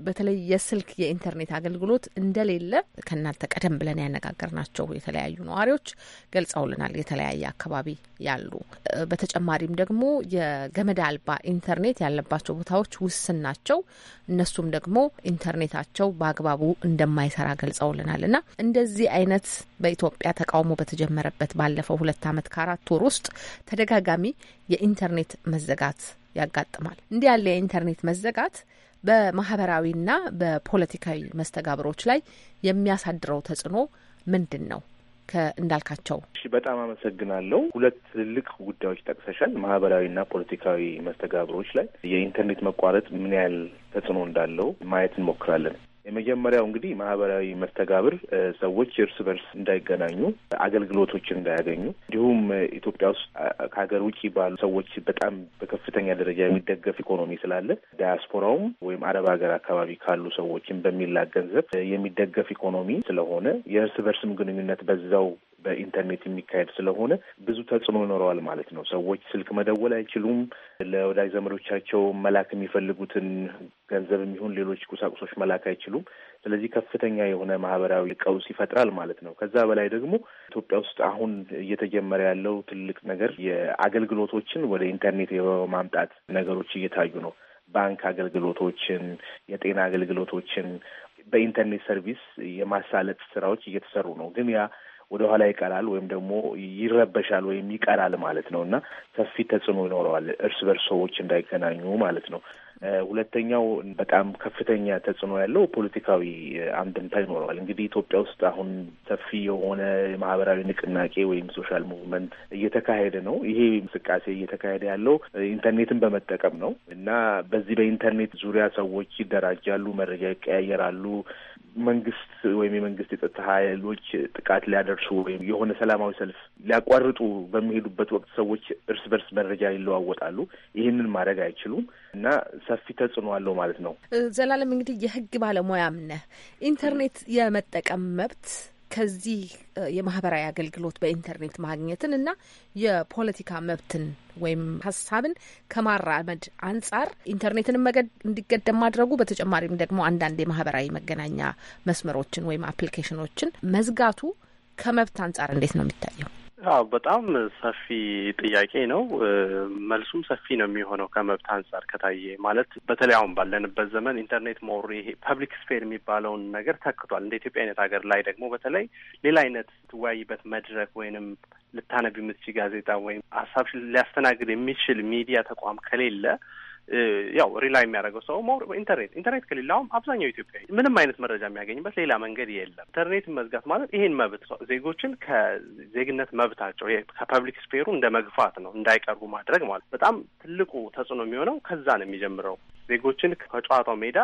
በተለይ የስልክ የኢንተርኔት አገልግሎት እንደሌለ ከእናንተ ቀደም ብለን ያነጋገርናቸው የተለያዩ ነዋሪዎች ገልጸውልናል። የተለያየ አካባቢ ያሉ በተጨማሪም ደግሞ የገመድ አልባ ኢንተርኔት ያለባቸው ቦታዎች ውስን ናቸው። እነሱም ደግሞ ኢንተርኔታቸው በአግባቡ እንደማይሰራ ገልጸውልናል እና እንደዚህ አይነት በኢትዮጵያ ተቃውሞ በተጀመረበት ባለፈው ሁለት ዓመት ከአራት ወር ውስጥ ተደጋጋሚ የኢንተርኔት መዘጋት ያጋጥማል። እንዲህ ያለ የኢንተርኔት መዘጋት በማህበራዊና በፖለቲካዊ መስተጋብሮች ላይ የሚያሳድረው ተጽዕኖ ምንድን ነው? እንዳልካቸው በጣም አመሰግናለሁ። ሁለት ትልልቅ ጉዳዮች ጠቅሰሻል። ማህበራዊና ፖለቲካዊ መስተጋብሮች ላይ የኢንተርኔት መቋረጥ ምን ያህል ተጽዕኖ እንዳለው ማየት እንሞክራለን። የመጀመሪያው እንግዲህ ማህበራዊ መስተጋብር ሰዎች እርስ በርስ እንዳይገናኙ፣ አገልግሎቶችን እንዳያገኙ እንዲሁም ኢትዮጵያ ውስጥ ከሀገር ውጭ ባሉ ሰዎች በጣም በከፍተኛ ደረጃ የሚደገፍ ኢኮኖሚ ስላለ ዳያስፖራውም ወይም አረብ ሀገር አካባቢ ካሉ ሰዎችን በሚላ ገንዘብ የሚደገፍ ኢኮኖሚ ስለሆነ የእርስ በርስም ግንኙነት በዛው በኢንተርኔት የሚካሄድ ስለሆነ ብዙ ተጽዕኖ ይኖረዋል ማለት ነው። ሰዎች ስልክ መደወል አይችሉም። ለወዳጅ ዘመዶቻቸው መላክ የሚፈልጉትን ገንዘብ የሚሆን ሌሎች ቁሳቁሶች መላክ አይችሉም። ስለዚህ ከፍተኛ የሆነ ማህበራዊ ቀውስ ይፈጥራል ማለት ነው። ከዛ በላይ ደግሞ ኢትዮጵያ ውስጥ አሁን እየተጀመረ ያለው ትልቅ ነገር የአገልግሎቶችን ወደ ኢንተርኔት የማምጣት ነገሮች እየታዩ ነው። ባንክ አገልግሎቶችን፣ የጤና አገልግሎቶችን በኢንተርኔት ሰርቪስ የማሳለጥ ስራዎች እየተሰሩ ነው። ግን ያ ወደ ኋላ ይቀራል ወይም ደግሞ ይረበሻል ወይም ይቀራል ማለት ነው እና ሰፊ ተጽዕኖ ይኖረዋል እርስ በርስ ሰዎች እንዳይገናኙ ማለት ነው። ሁለተኛው በጣም ከፍተኛ ተጽዕኖ ያለው ፖለቲካዊ አንድምታ ይኖረዋል። እንግዲህ ኢትዮጵያ ውስጥ አሁን ሰፊ የሆነ የማህበራዊ ንቅናቄ ወይም ሶሻል ሙቭመንት እየተካሄደ ነው። ይሄ እንቅስቃሴ እየተካሄደ ያለው ኢንተርኔትን በመጠቀም ነው እና በዚህ በኢንተርኔት ዙሪያ ሰዎች ይደራጃሉ፣ መረጃ ይቀያየራሉ። መንግስት ወይም የመንግስት የጸጥታ ኃይሎች ጥቃት ሊያደርሱ ወይም የሆነ ሰላማዊ ሰልፍ ሊያቋርጡ በሚሄዱበት ወቅት ሰዎች እርስ በርስ መረጃ ይለዋወጣሉ። ይህንን ማድረግ አይችሉም እና ሰፊ ተጽዕኖ አለው ማለት ነው። ዘላለም እንግዲህ የህግ ባለሙያም ነህ። ኢንተርኔት የመጠቀም መብት ከዚህ የማህበራዊ አገልግሎት በኢንተርኔት ማግኘትን እና የፖለቲካ መብትን ወይም ሀሳብን ከማራመድ አንጻር ኢንተርኔትን እንዲገደም ማድረጉ፣ በተጨማሪም ደግሞ አንዳንድ የማህበራዊ መገናኛ መስመሮችን ወይም አፕሊኬሽኖችን መዝጋቱ ከመብት አንጻር እንዴት ነው የሚታየው? አዎ በጣም ሰፊ ጥያቄ ነው። መልሱም ሰፊ ነው የሚሆነው ከመብት አንጻር ከታየ ማለት በተለይ አሁን ባለንበት ዘመን ኢንተርኔት ሞር ይሄ ፐብሊክ ስፌር የሚባለውን ነገር ተክቷል። እንደ ኢትዮጵያ አይነት ሀገር ላይ ደግሞ በተለይ ሌላ አይነት ትወያይበት መድረክ ወይንም ልታነብ የምትች ጋዜጣ ወይም ሀሳብ ሊያስተናግድ የሚችል ሚዲያ ተቋም ከሌለ ያው ሪላይ የሚያደርገው ሰው ሞር ኢንተርኔት ኢንተርኔት ከሌላውም አብዛኛው ኢትዮጵያዊ ምንም አይነት መረጃ የሚያገኝበት ሌላ መንገድ የለም። ኢንተርኔት መዝጋት ማለት ይሄን መብት ዜጎችን ከዜግነት መብታቸው ከፐብሊክ ስፔሩ እንደ መግፋት ነው፣ እንዳይቀርቡ ማድረግ ማለት በጣም ትልቁ ተጽዕኖ የሚሆነው ከዛ ነው የሚጀምረው። ዜጎችን ከጨዋታው ሜዳ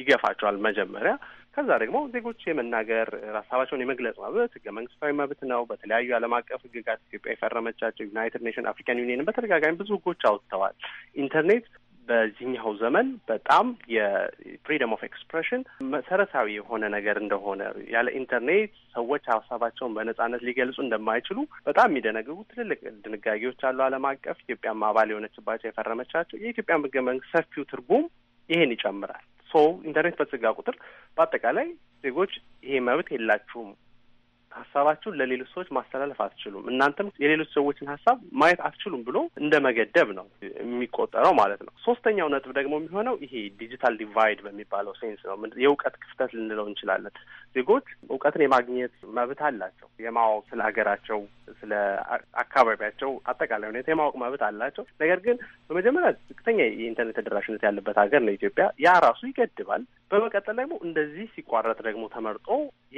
ይገፋቸዋል መጀመሪያ። ከዛ ደግሞ ዜጎች የመናገር ሀሳባቸውን የመግለጽ መብት ህገ መንግስታዊ መብት ነው። በተለያዩ ዓለም አቀፍ ህግጋት ኢትዮጵያ የፈረመቻቸው ዩናይትድ ኔሽን፣ አፍሪካን ዩኒየን በተደጋጋሚ ብዙ ህጎች አውጥተዋል። ኢንተርኔት በዚህኛው ዘመን በጣም የፍሪደም ኦፍ ኤክስፕሬሽን መሰረታዊ የሆነ ነገር እንደሆነ ያለ ኢንተርኔት ሰዎች ሀሳባቸውን በነጻነት ሊገልጹ እንደማይችሉ በጣም የሚደነግጉ ትልልቅ ድንጋጌዎች አሉ። ዓለም አቀፍ ኢትዮጵያም አባል የሆነችባቸው የፈረመቻቸው የኢትዮጵያ ሕገ መንግስት ሰፊው ትርጉም ይሄን ይጨምራል። ሶ ኢንተርኔት በተዘጋ ቁጥር በአጠቃላይ ዜጎች ይሄ መብት የላችሁም ሀሳባችሁን ለሌሎች ሰዎች ማስተላለፍ አትችሉም፣ እናንተም የሌሎች ሰዎችን ሀሳብ ማየት አትችሉም ብሎ እንደ መገደብ ነው የሚቆጠረው ማለት ነው። ሶስተኛው ነጥብ ደግሞ የሚሆነው ይሄ ዲጂታል ዲቫይድ በሚባለው ሴንስ ነው። የእውቀት ክፍተት ልንለው እንችላለን። ዜጎች እውቀትን የማግኘት መብት አላቸው። የማወቅ ስለ ሀገራቸው፣ ስለ አካባቢያቸው አጠቃላይ ሁኔታ የማወቅ መብት አላቸው። ነገር ግን በመጀመሪያ ዝቅተኛ የኢንተርኔት ተደራሽነት ያለበት ሀገር ነው ኢትዮጵያ። ያ ራሱ ይገድባል። በመቀጠል ደግሞ እንደዚህ ሲቋረጥ ደግሞ ተመርጦ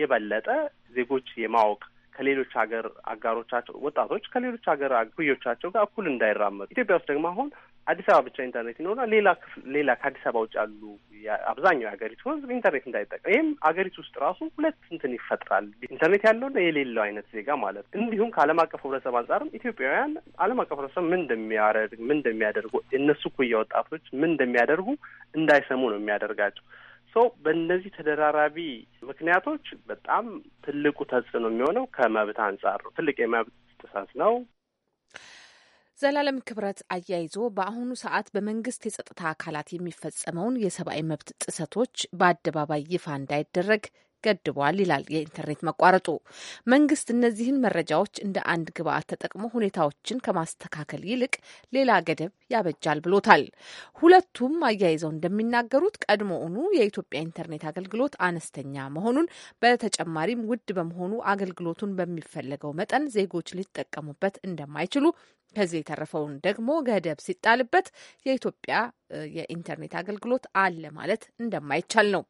የበለጠ ዜጎች የማወቅ ከሌሎች ሀገር አጋሮቻቸው ወጣቶች ከሌሎች ሀገር ኩዮቻቸው ጋር እኩል እንዳይራመዱ ኢትዮጵያ ውስጥ ደግሞ አሁን አዲስ አበባ ብቻ ኢንተርኔት ይኖራል። ሌላ ክፍል ሌላ ከአዲስ አበባ ውጭ ያሉ አብዛኛው የሀገሪቱ ሕዝብ ኢንተርኔት እንዳይጠቀም ይህም አገሪቱ ውስጥ ራሱ ሁለት እንትን ይፈጥራል። ኢንተርኔት ያለውና የሌለው አይነት ዜጋ ማለት ነው። እንዲሁም ከዓለም አቀፍ ሕብረተሰብ አንጻርም ኢትዮጵያውያን ዓለም አቀፍ ሕብረተሰብ ምን እንደሚያደርግ ምን እንደሚያደርጉ እነሱ ኩያ ወጣቶች ምን እንደሚያደርጉ እንዳይሰሙ ነው የሚያደርጋቸው። ሶ በእነዚህ ተደራራቢ ምክንያቶች በጣም ትልቁ ተጽዕኖ የሚሆነው ከመብት አንጻር ትልቅ የመብት ጥሰት ነው። ዘላለም ክብረት አያይዞ በአሁኑ ሰዓት በመንግስት የጸጥታ አካላት የሚፈጸመውን የሰብአዊ መብት ጥሰቶች በአደባባይ ይፋ እንዳይደረግ ገድቧል ይላል የኢንተርኔት መቋረጡ። መንግስት እነዚህን መረጃዎች እንደ አንድ ግብአት ተጠቅሞ ሁኔታዎችን ከማስተካከል ይልቅ ሌላ ገደብ ያበጃል ብሎታል። ሁለቱም አያይዘው እንደሚናገሩት ቀድሞውኑ የኢትዮጵያ ኢንተርኔት አገልግሎት አነስተኛ መሆኑን በተጨማሪም ውድ በመሆኑ አገልግሎቱን በሚፈለገው መጠን ዜጎች ሊጠቀሙበት እንደማይችሉ ከዚህ የተረፈውን ደግሞ ገደብ ሲጣልበት የኢትዮጵያ የኢንተርኔት አገልግሎት አለ ማለት እንደማይቻል ነው።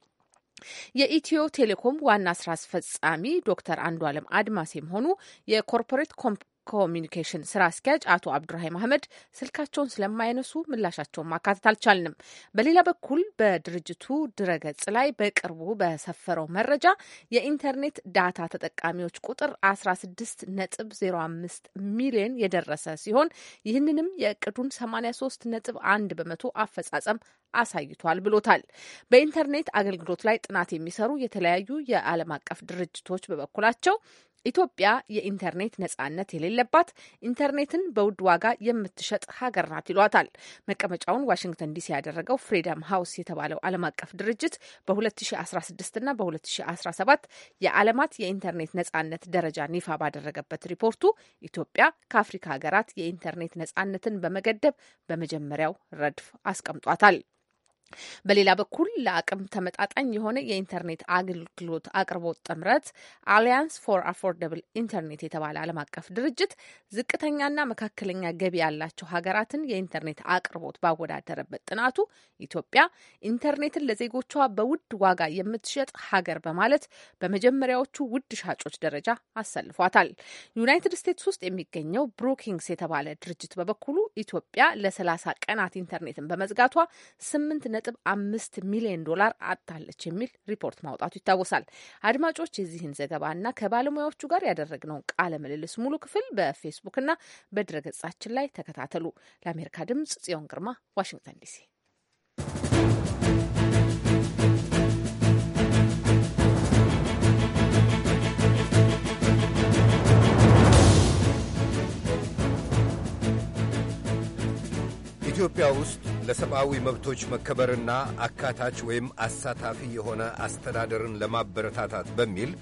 የኢትዮ ቴሌኮም ዋና ስራ አስፈጻሚ ዶክተር አንዱ አለም አድማሴም ሆኑ የኮርፖሬት ኮሚኒኬሽን ስራ አስኪያጅ አቶ አብዱራሂም አህመድ ስልካቸውን ስለማይነሱ ምላሻቸውን ማካተት አልቻልንም። በሌላ በኩል በድርጅቱ ድረገጽ ላይ በቅርቡ በሰፈረው መረጃ የኢንተርኔት ዳታ ተጠቃሚዎች ቁጥር 16 05 ሚሊዮን የደረሰ ሲሆን ይህንንም የእቅዱን 83 1 በመቶ አፈጻጸም አሳይቷል ብሎታል። በኢንተርኔት አገልግሎት ላይ ጥናት የሚሰሩ የተለያዩ የዓለም አቀፍ ድርጅቶች በበኩላቸው ኢትዮጵያ የኢንተርኔት ነጻነት የሌለባት ኢንተርኔትን በውድ ዋጋ የምትሸጥ ሀገር ናት ይሏታል። መቀመጫውን ዋሽንግተን ዲሲ ያደረገው ፍሪደም ሀውስ የተባለው ዓለም አቀፍ ድርጅት በ2016 እና በ2017 የዓለማት የኢንተርኔት ነጻነት ደረጃን ይፋ ባደረገበት ሪፖርቱ ኢትዮጵያ ከአፍሪካ ሀገራት የኢንተርኔት ነጻነትን በመገደብ በመጀመሪያው ረድፍ አስቀምጧታል። በሌላ በኩል ለአቅም ተመጣጣኝ የሆነ የኢንተርኔት አገልግሎት አቅርቦት ጥምረት አሊያንስ ፎር አፎርደብል ኢንተርኔት የተባለ ዓለም አቀፍ ድርጅት ዝቅተኛና መካከለኛ ገቢ ያላቸው ሀገራትን የኢንተርኔት አቅርቦት ባወዳደረበት ጥናቱ ኢትዮጵያ ኢንተርኔትን ለዜጎቿ በውድ ዋጋ የምትሸጥ ሀገር በማለት በመጀመሪያዎቹ ውድ ሻጮች ደረጃ አሰልፏታል። ዩናይትድ ስቴትስ ውስጥ የሚገኘው ብሮኪንግስ የተባለ ድርጅት በበኩሉ ኢትዮጵያ ለሰላሳ ቀናት ኢንተርኔትን በመዝጋቷ ስምንት ነጥብ አምስት ሚሊዮን ዶላር አጥታለች የሚል ሪፖርት ማውጣቱ ይታወሳል። አድማጮች የዚህን ዘገባና ከባለሙያዎቹ ጋር ያደረግነውን ቃለ ምልልስ ሙሉ ክፍል በፌስቡክና በድረገጻችን ላይ ተከታተሉ። ለአሜሪካ ድምጽ ጽዮን ግርማ ዋሽንግተን ዲሲ በኢትዮጵያ ውስጥ ለሰብአዊ መብቶች መከበርና አካታች ወይም አሳታፊ የሆነ አስተዳደርን ለማበረታታት በሚል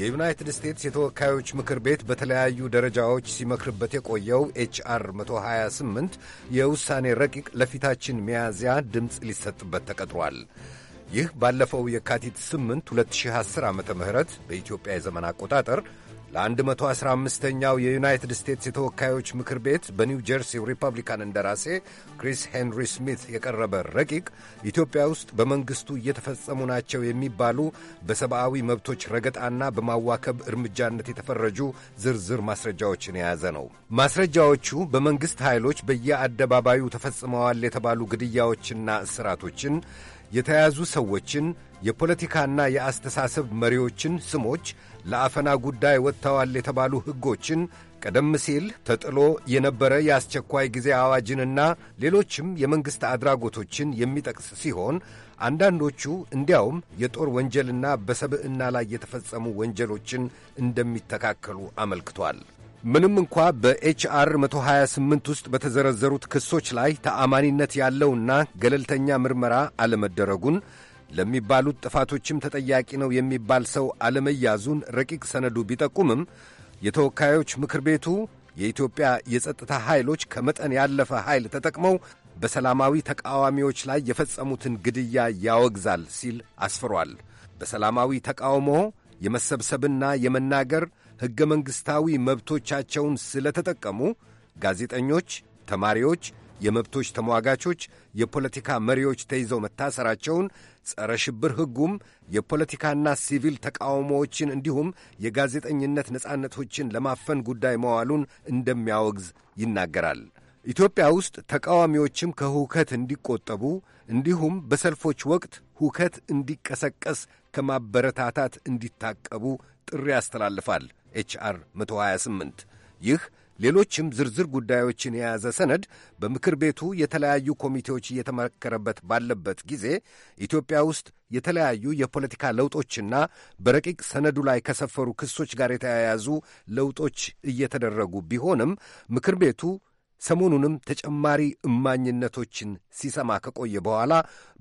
የዩናይትድ ስቴትስ የተወካዮች ምክር ቤት በተለያዩ ደረጃዎች ሲመክርበት የቆየው ኤችአር 128 የውሳኔ ረቂቅ ለፊታችን ሚያዝያ ድምፅ ሊሰጥበት ተቀጥሯል። ይህ ባለፈው የካቲት 8 2010 ዓ ም በኢትዮጵያ የዘመን አቆጣጠር ለ115ኛው የዩናይትድ ስቴትስ የተወካዮች ምክር ቤት በኒው ጀርሲ ሪፐብሊካን እንደራሴ ክሪስ ሄንሪ ስሚት የቀረበ ረቂቅ ኢትዮጵያ ውስጥ በመንግሥቱ እየተፈጸሙ ናቸው የሚባሉ በሰብአዊ መብቶች ረገጣና በማዋከብ እርምጃነት የተፈረጁ ዝርዝር ማስረጃዎችን የያዘ ነው። ማስረጃዎቹ በመንግሥት ኃይሎች በየአደባባዩ ተፈጽመዋል የተባሉ ግድያዎችና እስራቶችን የተያዙ ሰዎችን የፖለቲካና የአስተሳሰብ መሪዎችን ስሞች፣ ለአፈና ጉዳይ ወጥተዋል የተባሉ ሕጎችን ቀደም ሲል ተጥሎ የነበረ የአስቸኳይ ጊዜ አዋጅንና ሌሎችም የመንግሥት አድራጎቶችን የሚጠቅስ ሲሆን አንዳንዶቹ እንዲያውም የጦር ወንጀልና በሰብዕና ላይ የተፈጸሙ ወንጀሎችን እንደሚተካከሉ አመልክቷል። ምንም እንኳ በኤችአር 128 ውስጥ በተዘረዘሩት ክሶች ላይ ተአማኒነት ያለውና ገለልተኛ ምርመራ አለመደረጉን ለሚባሉት ጥፋቶችም ተጠያቂ ነው የሚባል ሰው አለመያዙን ረቂቅ ሰነዱ ቢጠቁምም የተወካዮች ምክር ቤቱ የኢትዮጵያ የጸጥታ ኃይሎች ከመጠን ያለፈ ኃይል ተጠቅመው በሰላማዊ ተቃዋሚዎች ላይ የፈጸሙትን ግድያ ያወግዛል ሲል አስፍሯል። በሰላማዊ ተቃውሞ የመሰብሰብና የመናገር ሕገ መንግሥታዊ መብቶቻቸውን ስለተጠቀሙ ጋዜጠኞች፣ ተማሪዎች፣ የመብቶች ተሟጋቾች፣ የፖለቲካ መሪዎች ተይዘው መታሰራቸውን ጸረ ሽብር ሕጉም የፖለቲካና ሲቪል ተቃውሞዎችን እንዲሁም የጋዜጠኝነት ነጻነቶችን ለማፈን ጉዳይ መዋሉን እንደሚያወግዝ ይናገራል። ኢትዮጵያ ውስጥ ተቃዋሚዎችም ከሁከት እንዲቆጠቡ እንዲሁም በሰልፎች ወቅት ሁከት እንዲቀሰቀስ ከማበረታታት እንዲታቀቡ ጥሪ ያስተላልፋል። ኤችአር 128 ይህ ሌሎችም ዝርዝር ጉዳዮችን የያዘ ሰነድ በምክር ቤቱ የተለያዩ ኮሚቴዎች እየተመከረበት ባለበት ጊዜ ኢትዮጵያ ውስጥ የተለያዩ የፖለቲካ ለውጦችና በረቂቅ ሰነዱ ላይ ከሰፈሩ ክሶች ጋር የተያያዙ ለውጦች እየተደረጉ ቢሆንም ምክር ቤቱ ሰሞኑንም ተጨማሪ እማኝነቶችን ሲሰማ ከቆየ በኋላ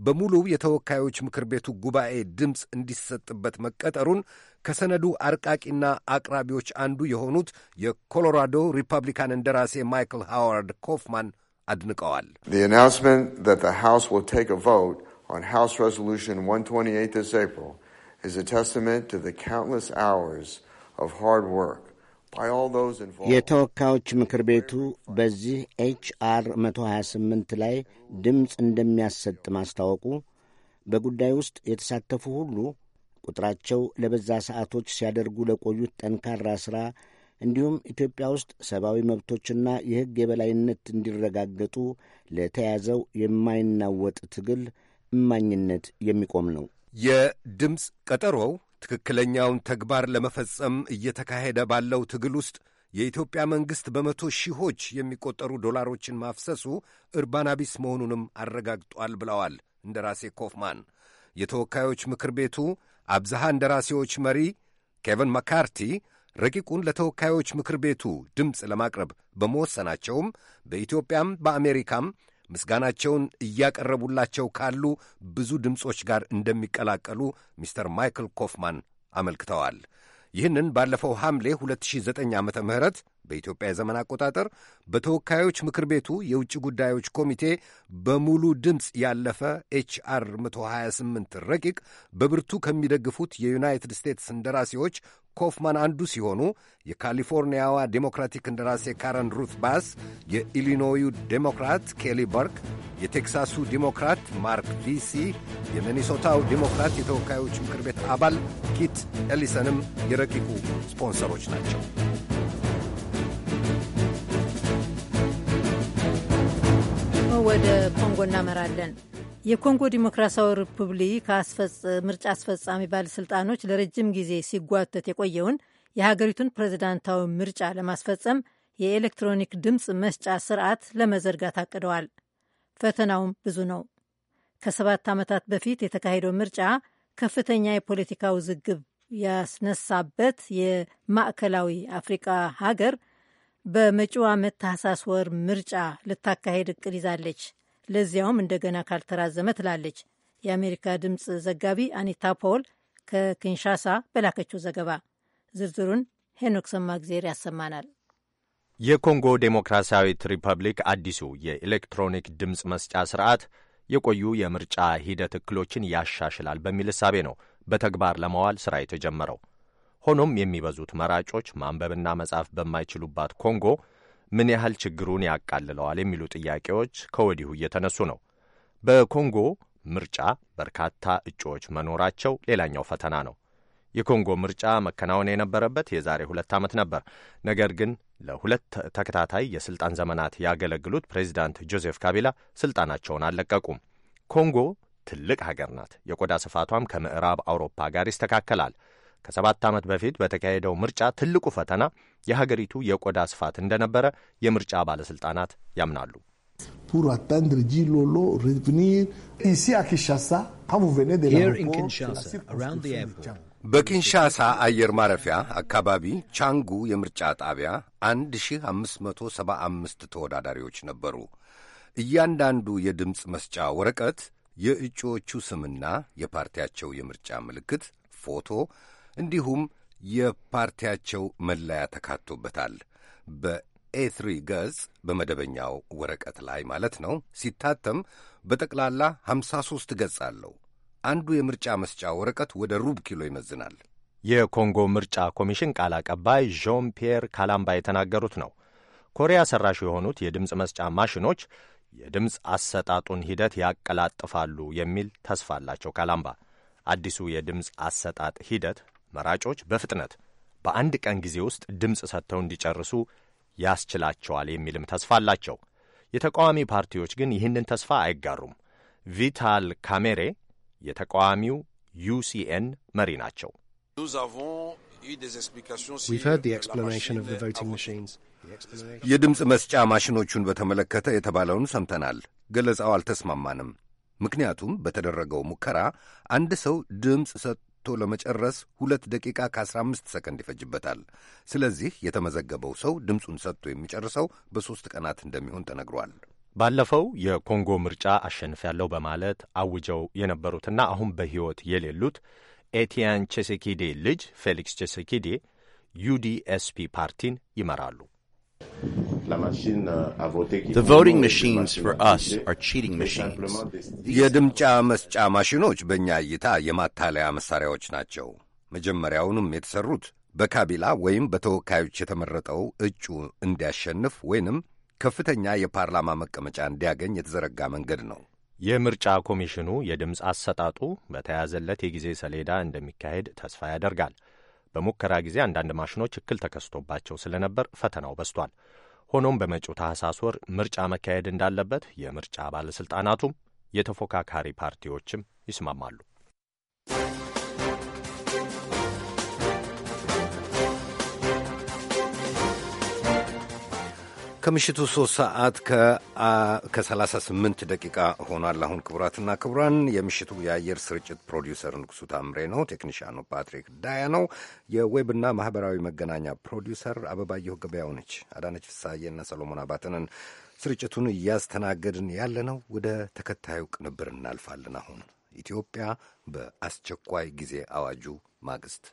በሙሉ የተወካዮች ምክር ቤቱ ጉባኤ ድምፅ እንዲሰጥበት መቀጠሩን ከሰነዱ አርቃቂና አቅራቢዎች አንዱ የሆኑት የኮሎራዶ ሪፐብሊካን እንደራሴ ማይክል ሃዋርድ ኮፍማን አድንቀዋል። ሪዞሉሽን የተወካዮች ምክር ቤቱ በዚህ ኤች አር 128 ላይ ድምፅ እንደሚያሰጥ ማስታወቁ በጉዳይ ውስጥ የተሳተፉ ሁሉ ቁጥራቸው ለበዛ ሰዓቶች ሲያደርጉ ለቆዩት ጠንካራ ሥራ እንዲሁም ኢትዮጵያ ውስጥ ሰብአዊ መብቶችና የሕግ የበላይነት እንዲረጋገጡ ለተያዘው የማይናወጥ ትግል እማኝነት የሚቆም ነው። የድምፅ ቀጠሮው ትክክለኛውን ተግባር ለመፈጸም እየተካሄደ ባለው ትግል ውስጥ የኢትዮጵያ መንግሥት በመቶ ሺዎች የሚቆጠሩ ዶላሮችን ማፍሰሱ እርባናቢስ መሆኑንም አረጋግጧል ብለዋል እንደራሴ ኮፍማን። የተወካዮች ምክር ቤቱ አብዛሃ ራሴዎች መሪ ኬቨን መካርቲ ረቂቁን ለተወካዮች ምክር ቤቱ ድምፅ ለማቅረብ በመወሰናቸውም በኢትዮጵያም በአሜሪካም ምስጋናቸውን እያቀረቡላቸው ካሉ ብዙ ድምፆች ጋር እንደሚቀላቀሉ ሚስተር ማይክል ኮፍማን አመልክተዋል። ይህንን ባለፈው ሐምሌ 2009 ዓ ም በኢትዮጵያ የዘመን አቆጣጠር በተወካዮች ምክር ቤቱ የውጭ ጉዳዮች ኮሚቴ በሙሉ ድምፅ ያለፈ ኤችአር 128 ረቂቅ በብርቱ ከሚደግፉት የዩናይትድ ስቴትስ እንደራሴዎች ኮፍማን አንዱ ሲሆኑ የካሊፎርኒያዋ ዴሞክራቲክ እንደራሴ ካረን ሩት ባስ፣ የኢሊኖዩ ዴሞክራት ኬሊ በርክ፣ የቴክሳሱ ዴሞክራት ማርክ ቪሲ፣ የሚኒሶታው ዴሞክራት የተወካዮች ምክር ቤት አባል ኪት ኤሊሰንም የረቂቁ ስፖንሰሮች ናቸው። ወደ ኮንጎ እናመራለን። የኮንጎ ዲሞክራሲያዊ ሪፑብሊክ ምርጫ አስፈጻሚ ባለሥልጣኖች ለረጅም ጊዜ ሲጓተት የቆየውን የሀገሪቱን ፕሬዝዳንታዊ ምርጫ ለማስፈጸም የኤሌክትሮኒክ ድምፅ መስጫ ስርዓት ለመዘርጋት አቅደዋል። ፈተናውም ብዙ ነው። ከሰባት ዓመታት በፊት የተካሄደው ምርጫ ከፍተኛ የፖለቲካ ውዝግብ ያስነሳበት የማዕከላዊ አፍሪቃ ሀገር በመጪው ዓመት ታህሳስ ወር ምርጫ ልታካሄድ እቅድ ይዛለች። ለዚያውም እንደገና ካልተራዘመ ትላለች። የአሜሪካ ድምፅ ዘጋቢ አኒታ ፖል ከኪንሻሳ በላከችው ዘገባ ዝርዝሩን ሄኖክ ሰማግዜር ያሰማናል። የኮንጎ ዴሞክራሲያዊት ሪፐብሊክ አዲሱ የኤሌክትሮኒክ ድምፅ መስጫ ስርዓት የቆዩ የምርጫ ሂደት እክሎችን ያሻሽላል በሚል እሳቤ ነው በተግባር ለማዋል ሥራ የተጀመረው። ሆኖም የሚበዙት መራጮች ማንበብና መጻፍ በማይችሉባት ኮንጎ ምን ያህል ችግሩን ያቃልለዋል የሚሉ ጥያቄዎች ከወዲሁ እየተነሱ ነው። በኮንጎ ምርጫ በርካታ እጩዎች መኖራቸው ሌላኛው ፈተና ነው። የኮንጎ ምርጫ መከናወን የነበረበት የዛሬ ሁለት ዓመት ነበር። ነገር ግን ለሁለት ተከታታይ የሥልጣን ዘመናት ያገለግሉት ፕሬዚዳንት ጆሴፍ ካቢላ ሥልጣናቸውን አልለቀቁም። ኮንጎ ትልቅ ሀገር ናት። የቆዳ ስፋቷም ከምዕራብ አውሮፓ ጋር ይስተካከላል። ከሰባት ዓመት በፊት በተካሄደው ምርጫ ትልቁ ፈተና የሀገሪቱ የቆዳ ስፋት እንደነበረ የምርጫ ባለሥልጣናት ያምናሉ። ፑር አታንድር ኢሲ በኪንሻሳ አየር ማረፊያ አካባቢ ቻንጉ የምርጫ ጣቢያ 1575 ተወዳዳሪዎች ነበሩ። እያንዳንዱ የድምፅ መስጫ ወረቀት የእጩዎቹ ስምና የፓርቲያቸው የምርጫ ምልክት ፎቶ እንዲሁም የፓርቲያቸው መለያ ተካቶበታል በኤትሪ ገጽ በመደበኛው ወረቀት ላይ ማለት ነው። ሲታተም በጠቅላላ 53 ገጽ አለው። አንዱ የምርጫ መስጫ ወረቀት ወደ ሩብ ኪሎ ይመዝናል። የኮንጎ ምርጫ ኮሚሽን ቃል አቀባይ ዦን ፒየር ካላምባ የተናገሩት ነው። ኮሪያ ሰራሽ የሆኑት የድምፅ መስጫ ማሽኖች የድምፅ አሰጣጡን ሂደት ያቀላጥፋሉ የሚል ተስፋ አላቸው ካላምባ። አዲሱ የድምፅ አሰጣጥ ሂደት መራጮች በፍጥነት በአንድ ቀን ጊዜ ውስጥ ድምፅ ሰጥተው እንዲጨርሱ ያስችላቸዋል የሚልም ተስፋ አላቸው። የተቃዋሚ ፓርቲዎች ግን ይህንን ተስፋ አይጋሩም። ቪታል ካሜሬ የተቃዋሚው ዩሲኤን መሪ ናቸው። የድምፅ መስጫ ማሽኖቹን በተመለከተ የተባለውን ሰምተናል። ገለጻው አልተስማማንም። ምክንያቱም በተደረገው ሙከራ አንድ ሰው ድምፅ ሰጥ ለመጨረስ ሁለት ደቂቃ ከ15 ሰከንድ ይፈጅበታል። ስለዚህ የተመዘገበው ሰው ድምፁን ሰጥቶ የሚጨርሰው በሦስት ቀናት እንደሚሆን ተነግሯል። ባለፈው የኮንጎ ምርጫ አሸንፊያለሁ በማለት አውጀው የነበሩትና አሁን በሕይወት የሌሉት ኤቲያን ቼሴኪዴ ልጅ ፌሊክስ ቼሴኪዴ ዩዲኤስፒ ፓርቲን ይመራሉ። The voting machines for us are cheating machines. የድምጫ መስጫ ማሽኖች በእኛ እይታ የማታለያ መሳሪያዎች ናቸው። መጀመሪያውንም የተሠሩት በካቢላ ወይም በተወካዮች የተመረጠው እጩ እንዲያሸንፍ ወይንም ከፍተኛ የፓርላማ መቀመጫ እንዲያገኝ የተዘረጋ መንገድ ነው። የምርጫ ኮሚሽኑ የድምፅ አሰጣጡ በተያዘለት የጊዜ ሰሌዳ እንደሚካሄድ ተስፋ ያደርጋል። በሙከራ ጊዜ አንዳንድ ማሽኖች እክል ተከስቶባቸው ስለነበር ፈተናው በስቷል። ሆኖም በመጪው ታህሳስ ወር ምርጫ መካሄድ እንዳለበት የምርጫ ባለሥልጣናቱም የተፎካካሪ ፓርቲዎችም ይስማማሉ። ከምሽቱ 3 ሰዓት ከ38 ደቂቃ ሆኗል። አሁን ክቡራትና ክቡራን የምሽቱ የአየር ስርጭት ፕሮዲውሰር ንጉሱ ታምሬ ነው። ቴክኒሻኑ ፓትሪክ ዳያ ነው። የዌብና ማህበራዊ መገናኛ ፕሮዲውሰር አበባየሁ ገበያው ነች። አዳነች ፍሳዬና ሰሎሞን አባተንን ስርጭቱን እያስተናገድን ያለ ነው። ወደ ተከታዩ ቅንብር እናልፋለን። አሁን ኢትዮጵያ በአስቸኳይ ጊዜ አዋጁ ማግስት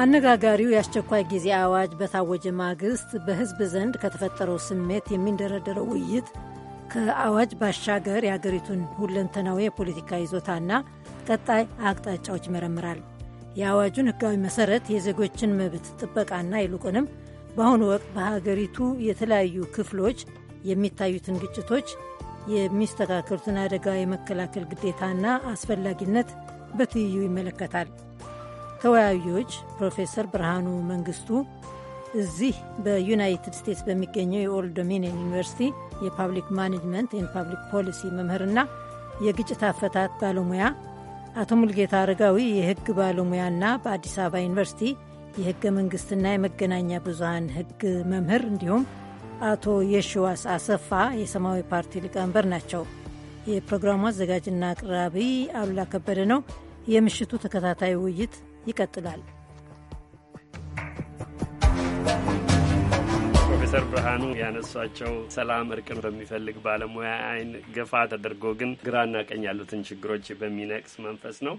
አነጋጋሪው የአስቸኳይ ጊዜ አዋጅ በታወጀ ማግስት በሕዝብ ዘንድ ከተፈጠረው ስሜት የሚንደረደረው ውይይት ከአዋጅ ባሻገር የአገሪቱን ሁለንተናዊ የፖለቲካ ይዞታና ቀጣይ አቅጣጫዎች ይመረምራል። የአዋጁን ሕጋዊ መሰረት፣ የዜጎችን መብት ጥበቃና ይልቁንም በአሁኑ ወቅት በሀገሪቱ የተለያዩ ክፍሎች የሚታዩትን ግጭቶች የሚስተካከሉትን አደጋ የመከላከል ግዴታና አስፈላጊነት በትይዩ ይመለከታል። ተወያዮች ፕሮፌሰር ብርሃኑ መንግስቱ እዚህ በዩናይትድ ስቴትስ በሚገኘው የኦልድ ዶሚኒየን ዩኒቨርሲቲ የፓብሊክ ማኔጅመንት ኤንድ ፓብሊክ ፖሊሲ መምህርና የግጭት አፈታት ባለሙያ፣ አቶ ሙልጌታ አረጋዊ የህግ ባለሙያና በአዲስ አበባ ዩኒቨርሲቲ የህገ መንግስትና የመገናኛ ብዙሀን ህግ መምህር እንዲሁም አቶ የሽዋስ አሰፋ የሰማያዊ ፓርቲ ሊቀመንበር ናቸው። የፕሮግራሙ አዘጋጅና አቅራቢ አሉላ ከበደ ነው። የምሽቱ ተከታታይ ውይይት ይቀጥላል። ፕሮፌሰር ብርሃኑ ያነሷቸው ሰላም እርቅን በሚፈልግ ባለሙያ አይን ገፋ ተደርጎ ግን ግራና ቀኝ ያሉትን ችግሮች በሚነቅስ መንፈስ ነው።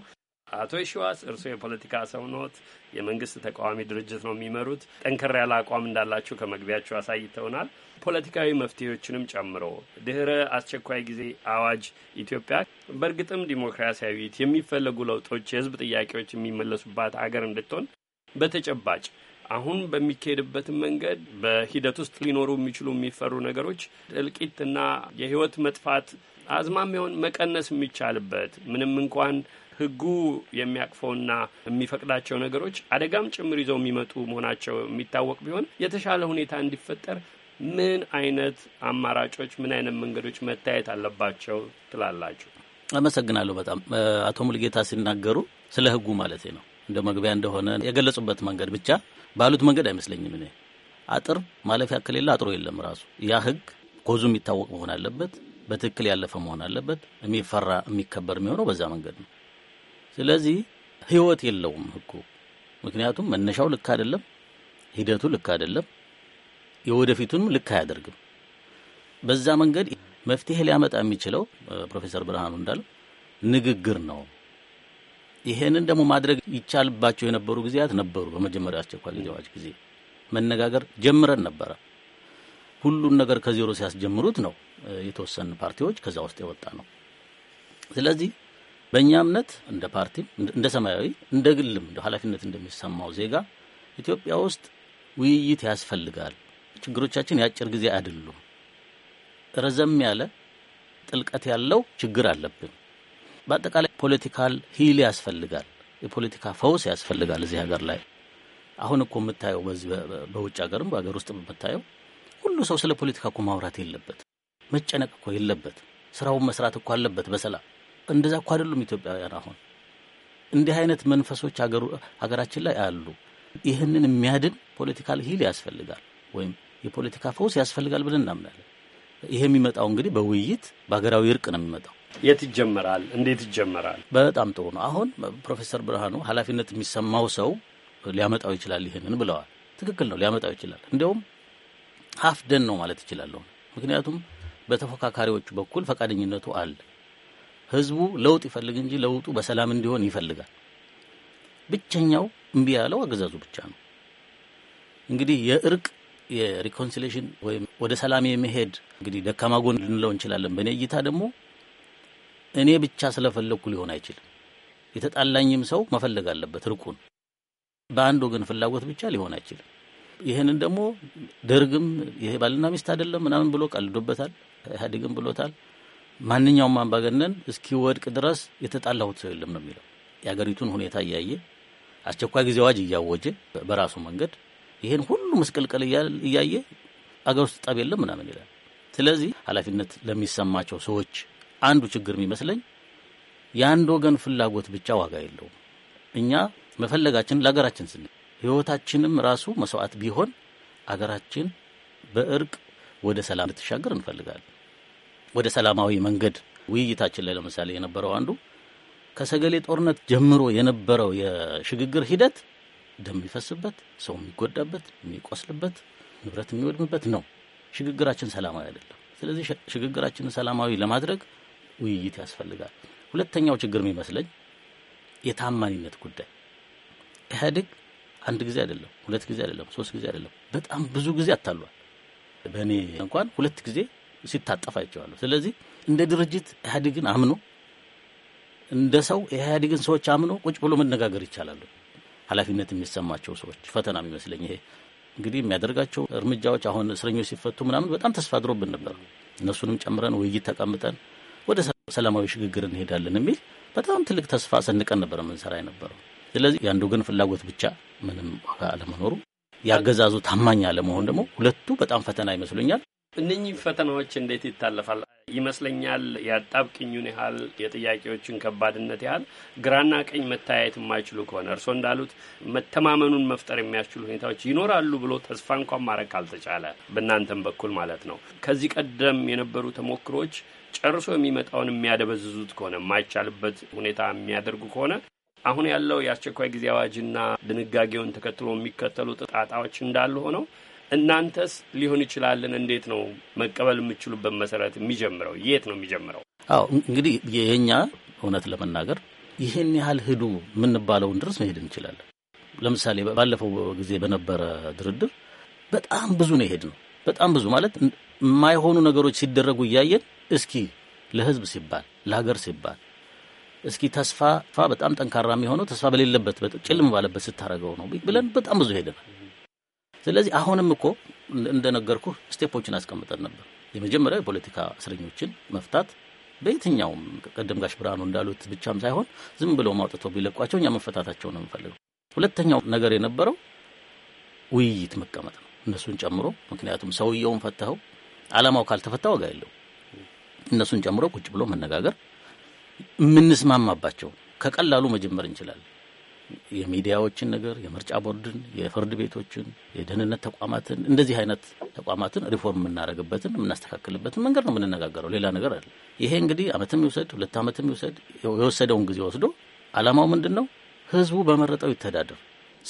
አቶ የሺዋስ እርስዎ የፖለቲካ ሰው ኖት፣ የመንግስት ተቃዋሚ ድርጅት ነው የሚመሩት። ጠንከር ያለ አቋም እንዳላችሁ ከመግቢያቸው አሳይተውናል። ፖለቲካዊ መፍትሄዎችንም ጨምሮ ድህረ አስቸኳይ ጊዜ አዋጅ ኢትዮጵያ በእርግጥም ዲሞክራሲያዊት የሚፈለጉ ለውጦች፣ የህዝብ ጥያቄዎች የሚመለሱባት አገር እንድትሆን በተጨባጭ አሁን በሚካሄድበትም መንገድ በሂደት ውስጥ ሊኖሩ የሚችሉ የሚፈሩ ነገሮች እልቂትና የህይወት መጥፋት አዝማሚያውን መቀነስ የሚቻልበት ምንም እንኳን ህጉ የሚያቅፈውና የሚፈቅዳቸው ነገሮች አደጋም ጭምር ይዘው የሚመጡ መሆናቸው የሚታወቅ ቢሆን የተሻለ ሁኔታ እንዲፈጠር ምን አይነት አማራጮች፣ ምን አይነት መንገዶች መታየት አለባቸው ትላላችሁ? አመሰግናለሁ። በጣም አቶ ሙልጌታ ሲናገሩ ስለ ህጉ ማለት ነው እንደ መግቢያ እንደሆነ የገለጹበት መንገድ ብቻ ባሉት መንገድ አይመስለኝም። እኔ አጥር ማለፊያ ከሌለ አጥሮ የለም። ራሱ ያ ህግ ጎዙ የሚታወቅ መሆን አለበት። በትክክል ያለፈ መሆን አለበት። የሚፈራ የሚከበር የሚሆነው በዛ መንገድ ነው። ስለዚህ ህይወት የለውም ህጉ። ምክንያቱም መነሻው ልክ አይደለም፣ ሂደቱ ልክ አይደለም፣ የወደፊቱንም ልክ አያደርግም። በዛ መንገድ መፍትሄ ሊያመጣ የሚችለው ፕሮፌሰር ብርሃኑ እንዳለው ንግግር ነው። ይሄንን ደግሞ ማድረግ ይቻልባቸው የነበሩ ጊዜያት ነበሩ። በመጀመሪያ አስቸኳይ ጊዜ አዋጅ ጊዜ መነጋገር ጀምረን ነበረ። ሁሉን ነገር ከዜሮ ሲያስጀምሩት ነው የተወሰኑ ፓርቲዎች ከዛ ውስጥ የወጣ ነው። ስለዚህ በእኛ እምነት እንደ ፓርቲም እንደ ሰማያዊ እንደ ግልም እንደ ኃላፊነት እንደሚሰማው ዜጋ ኢትዮጵያ ውስጥ ውይይት ያስፈልጋል። ችግሮቻችን የአጭር ጊዜ አይደሉም። ረዘም ያለ ጥልቀት ያለው ችግር አለብን። በአጠቃላይ ፖለቲካል ሂል ያስፈልጋል። የፖለቲካ ፈውስ ያስፈልጋል እዚህ ሀገር ላይ አሁን እኮ የምታየው በዚህ በውጭ ሀገርም በሀገር ውስጥ የምታየው ሁሉ ሰው ስለ ፖለቲካ እኮ ማውራት የለበት መጨነቅ እኮ የለበት ስራውን መስራት እኮ አለበት በሰላም እንደዛ እኮ አይደሉም ኢትዮጵያውያን። አሁን እንዲህ አይነት መንፈሶች ሀገራችን ላይ አሉ። ይህንን የሚያድን ፖለቲካል ሂል ያስፈልጋል ወይም የፖለቲካ ፈውስ ያስፈልጋል ብለን እናምናለን። ይሄ የሚመጣው እንግዲህ በውይይት በሀገራዊ እርቅ ነው የሚመጣው። የት ይጀመራል? እንዴት ይጀመራል? በጣም ጥሩ ነው። አሁን ፕሮፌሰር ብርሃኑ ኃላፊነት የሚሰማው ሰው ሊያመጣው ይችላል ይህንን ብለዋል። ትክክል ነው፣ ሊያመጣው ይችላል። እንዲያውም ሀፍ ደን ነው ማለት ይችላለሁ። ምክንያቱም በተፎካካሪዎቹ በኩል ፈቃደኝነቱ አለ። ህዝቡ ለውጥ ይፈልግ እንጂ ለውጡ በሰላም እንዲሆን ይፈልጋል። ብቸኛው እምቢ ያለው አገዛዙ ብቻ ነው። እንግዲህ የእርቅ የሪኮንሲሌሽን ወይም ወደ ሰላም የመሄድ እንግዲህ ደካማ ጎን ልንለው እንችላለን። በእኔ እይታ ደግሞ እኔ ብቻ ስለፈለግኩ ሊሆን አይችልም። የተጣላኝም ሰው መፈለግ አለበት። እርቁን በአንድ ወገን ፍላጎት ብቻ ሊሆን አይችልም። ይህንን ደግሞ ደርግም ይሄ ባልና ሚስት አይደለም ምናምን ብሎ ቀልዶበታል። ኢህአዴግም ብሎታል። ማንኛውም አምባገነን እስኪወድቅ ድረስ የተጣላሁት ሰው የለም ነው የሚለው። የአገሪቱን ሁኔታ እያየ አስቸኳይ ጊዜ አዋጅ እያወጀ በራሱ መንገድ ይህን ሁሉ ምስቅልቅል እያየ አገር ውስጥ ጠብ የለም ምናምን ይላል። ስለዚህ ኃላፊነት ለሚሰማቸው ሰዎች አንዱ ችግር የሚመስለኝ የአንድ ወገን ፍላጎት ብቻ ዋጋ የለውም። እኛ መፈለጋችን ለሀገራችን ስንል ህይወታችንም ራሱ መስዋዕት ቢሆን አገራችን በእርቅ ወደ ሰላም ልትሻገር እንፈልጋለን። ወደ ሰላማዊ መንገድ ውይይታችን ላይ ለምሳሌ የነበረው አንዱ ከሰገሌ ጦርነት ጀምሮ የነበረው የሽግግር ሂደት ደም የሚፈስበት፣ ሰው የሚጎዳበት፣ የሚቆስልበት፣ ንብረት የሚወድምበት ነው። ሽግግራችን ሰላማዊ አይደለም። ስለዚህ ሽግግራችንን ሰላማዊ ለማድረግ ውይይት ያስፈልጋል። ሁለተኛው ችግር የሚመስለኝ የታማኒነት ጉዳይ ኢህአዴግ አንድ ጊዜ አይደለም፣ ሁለት ጊዜ አይደለም፣ ሶስት ጊዜ አይደለም፣ በጣም ብዙ ጊዜ አታሏል። በእኔ እንኳን ሁለት ጊዜ ሲታጠፍ አይቼዋለሁ። ስለዚህ እንደ ድርጅት ኢህአዴግን አምኖ እንደ ሰው የኢህአዴግን ሰዎች አምኖ ቁጭ ብሎ መነጋገር ይቻላሉ። ኃላፊነት የሚሰማቸው ሰዎች ፈተና ይመስለኝ ይሄ እንግዲህ የሚያደርጋቸው እርምጃዎች አሁን እስረኞች ሲፈቱ ምናምን በጣም ተስፋ አድሮብን ነበር። እነሱንም ጨምረን ውይይት ተቀምጠን ወደ ሰላማዊ ሽግግር እንሄዳለን የሚል በጣም ትልቅ ተስፋ ሰንቀን ነበር ምንሰራ የነበረው። ስለዚህ የአንዱ ግን ፍላጎት ብቻ ምንም ዋጋ አለመኖሩ፣ ያገዛዙ ታማኝ አለመሆን ደግሞ ሁለቱ በጣም ፈተና ይመስሉኛል። እነኚህ ፈተናዎች እንዴት ይታለፋል? ይመስለኛል የአጣብቅኙን ያህል የጥያቄዎችን ከባድነት ያህል ግራና ቀኝ መታያየት የማይችሉ ከሆነ እርስዎ እንዳሉት መተማመኑን መፍጠር የሚያስችሉ ሁኔታዎች ይኖራሉ ብሎ ተስፋ እንኳን ማድረግ ካልተቻለ በእናንተም በኩል ማለት ነው ከዚህ ቀደም የነበሩ ተሞክሮች ጨርሶ የሚመጣውን የሚያደበዝዙት ከሆነ የማይቻልበት ሁኔታ የሚያደርጉ ከሆነ አሁን ያለው የአስቸኳይ ጊዜ አዋጅና ድንጋጌውን ተከትሎ የሚከተሉ ጣጣዎች እንዳሉ ሆነው እናንተስ ሊሆን ይችላልን? እንዴት ነው መቀበል የምችሉበት መሰረት የሚጀምረው? የት ነው የሚጀምረው? አዎ እንግዲህ የእኛ እውነት ለመናገር ይህን ያህል ሂዱ የምንባለውን ድረስ መሄድ እንችላለን። ለምሳሌ ባለፈው ጊዜ በነበረ ድርድር በጣም ብዙ ነው የሄድ ነው። በጣም ብዙ ማለት የማይሆኑ ነገሮች ሲደረጉ እያየን እስኪ ለህዝብ ሲባል ለሀገር ሲባል እስኪ ተስፋ በጣም ጠንካራ የሚሆነው ተስፋ በሌለበት ጭልም ባለበት ስታደርገው ነው ብለን በጣም ብዙ ሄደናል። ስለዚህ አሁንም እኮ እንደነገርኩ ስቴፖችን አስቀምጠን ነበር። የመጀመሪያ የፖለቲካ እስረኞችን መፍታት በየትኛውም ቀደም ጋሽ ብርሃኑ እንዳሉት ብቻም ሳይሆን ዝም ብለው ማውጥቶ ቢለቋቸው እኛ መፈታታቸው ነው የምፈልገው። ሁለተኛው ነገር የነበረው ውይይት መቀመጥ ነው፣ እነሱን ጨምሮ። ምክንያቱም ሰውየውን ፈተኸው አላማው ካልተፈታ ዋጋ የለው። እነሱን ጨምሮ ቁጭ ብሎ መነጋገር የምንስማማባቸው ከቀላሉ መጀመር እንችላለን። የሚዲያዎችን ነገር፣ የምርጫ ቦርድን፣ የፍርድ ቤቶችን፣ የደህንነት ተቋማትን እንደዚህ አይነት ተቋማትን ሪፎርም የምናደርግበትን የምናስተካክልበትን መንገድ ነው የምንነጋገረው። ሌላ ነገር አለ። ይሄ እንግዲህ ዓመትም ይውሰድ ሁለት ዓመትም ይውሰድ የወሰደውን ጊዜ ወስዶ አላማው ምንድን ነው? ህዝቡ በመረጠው ይተዳደር።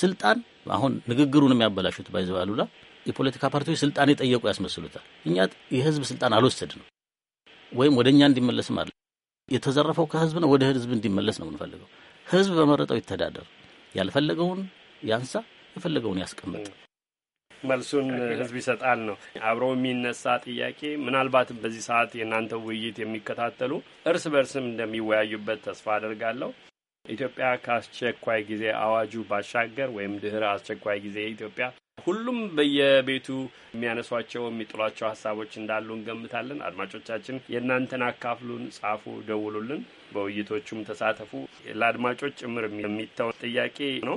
ስልጣን አሁን ንግግሩን የሚያበላሹት ባይዘው አሉላ የፖለቲካ ፓርቲዎች ስልጣን የጠየቁ ያስመስሉታል። እኛ የህዝብ ስልጣን አልወሰድ ነው ወይም ወደ እኛ እንዲመለስም አለ የተዘረፈው ከህዝብ ነው ወደ ህዝብ እንዲመለስ ነው የምንፈልገው። ህዝብ በመረጠው ይተዳደር፣ ያልፈለገውን ያንሳ፣ የፈለገውን ያስቀምጥ። መልሱን ህዝብ ይሰጣል ነው አብሮ የሚነሳ ጥያቄ። ምናልባት በዚህ ሰዓት የእናንተ ውይይት የሚከታተሉ እርስ በርስም እንደሚወያዩበት ተስፋ አድርጋለሁ። ኢትዮጵያ ከአስቸኳይ ጊዜ አዋጁ ባሻገር ወይም ድህረ አስቸኳይ ጊዜ ኢትዮጵያ ሁሉም በየቤቱ የሚያነሷቸው የሚጥሏቸው ሀሳቦች እንዳሉ እንገምታለን። አድማጮቻችን የእናንተን አካፍሉን፣ ጻፉ፣ ደውሉልን። በውይይቶቹም ተሳተፉ። ለአድማጮች ጭምር የሚተው ጥያቄ ነው።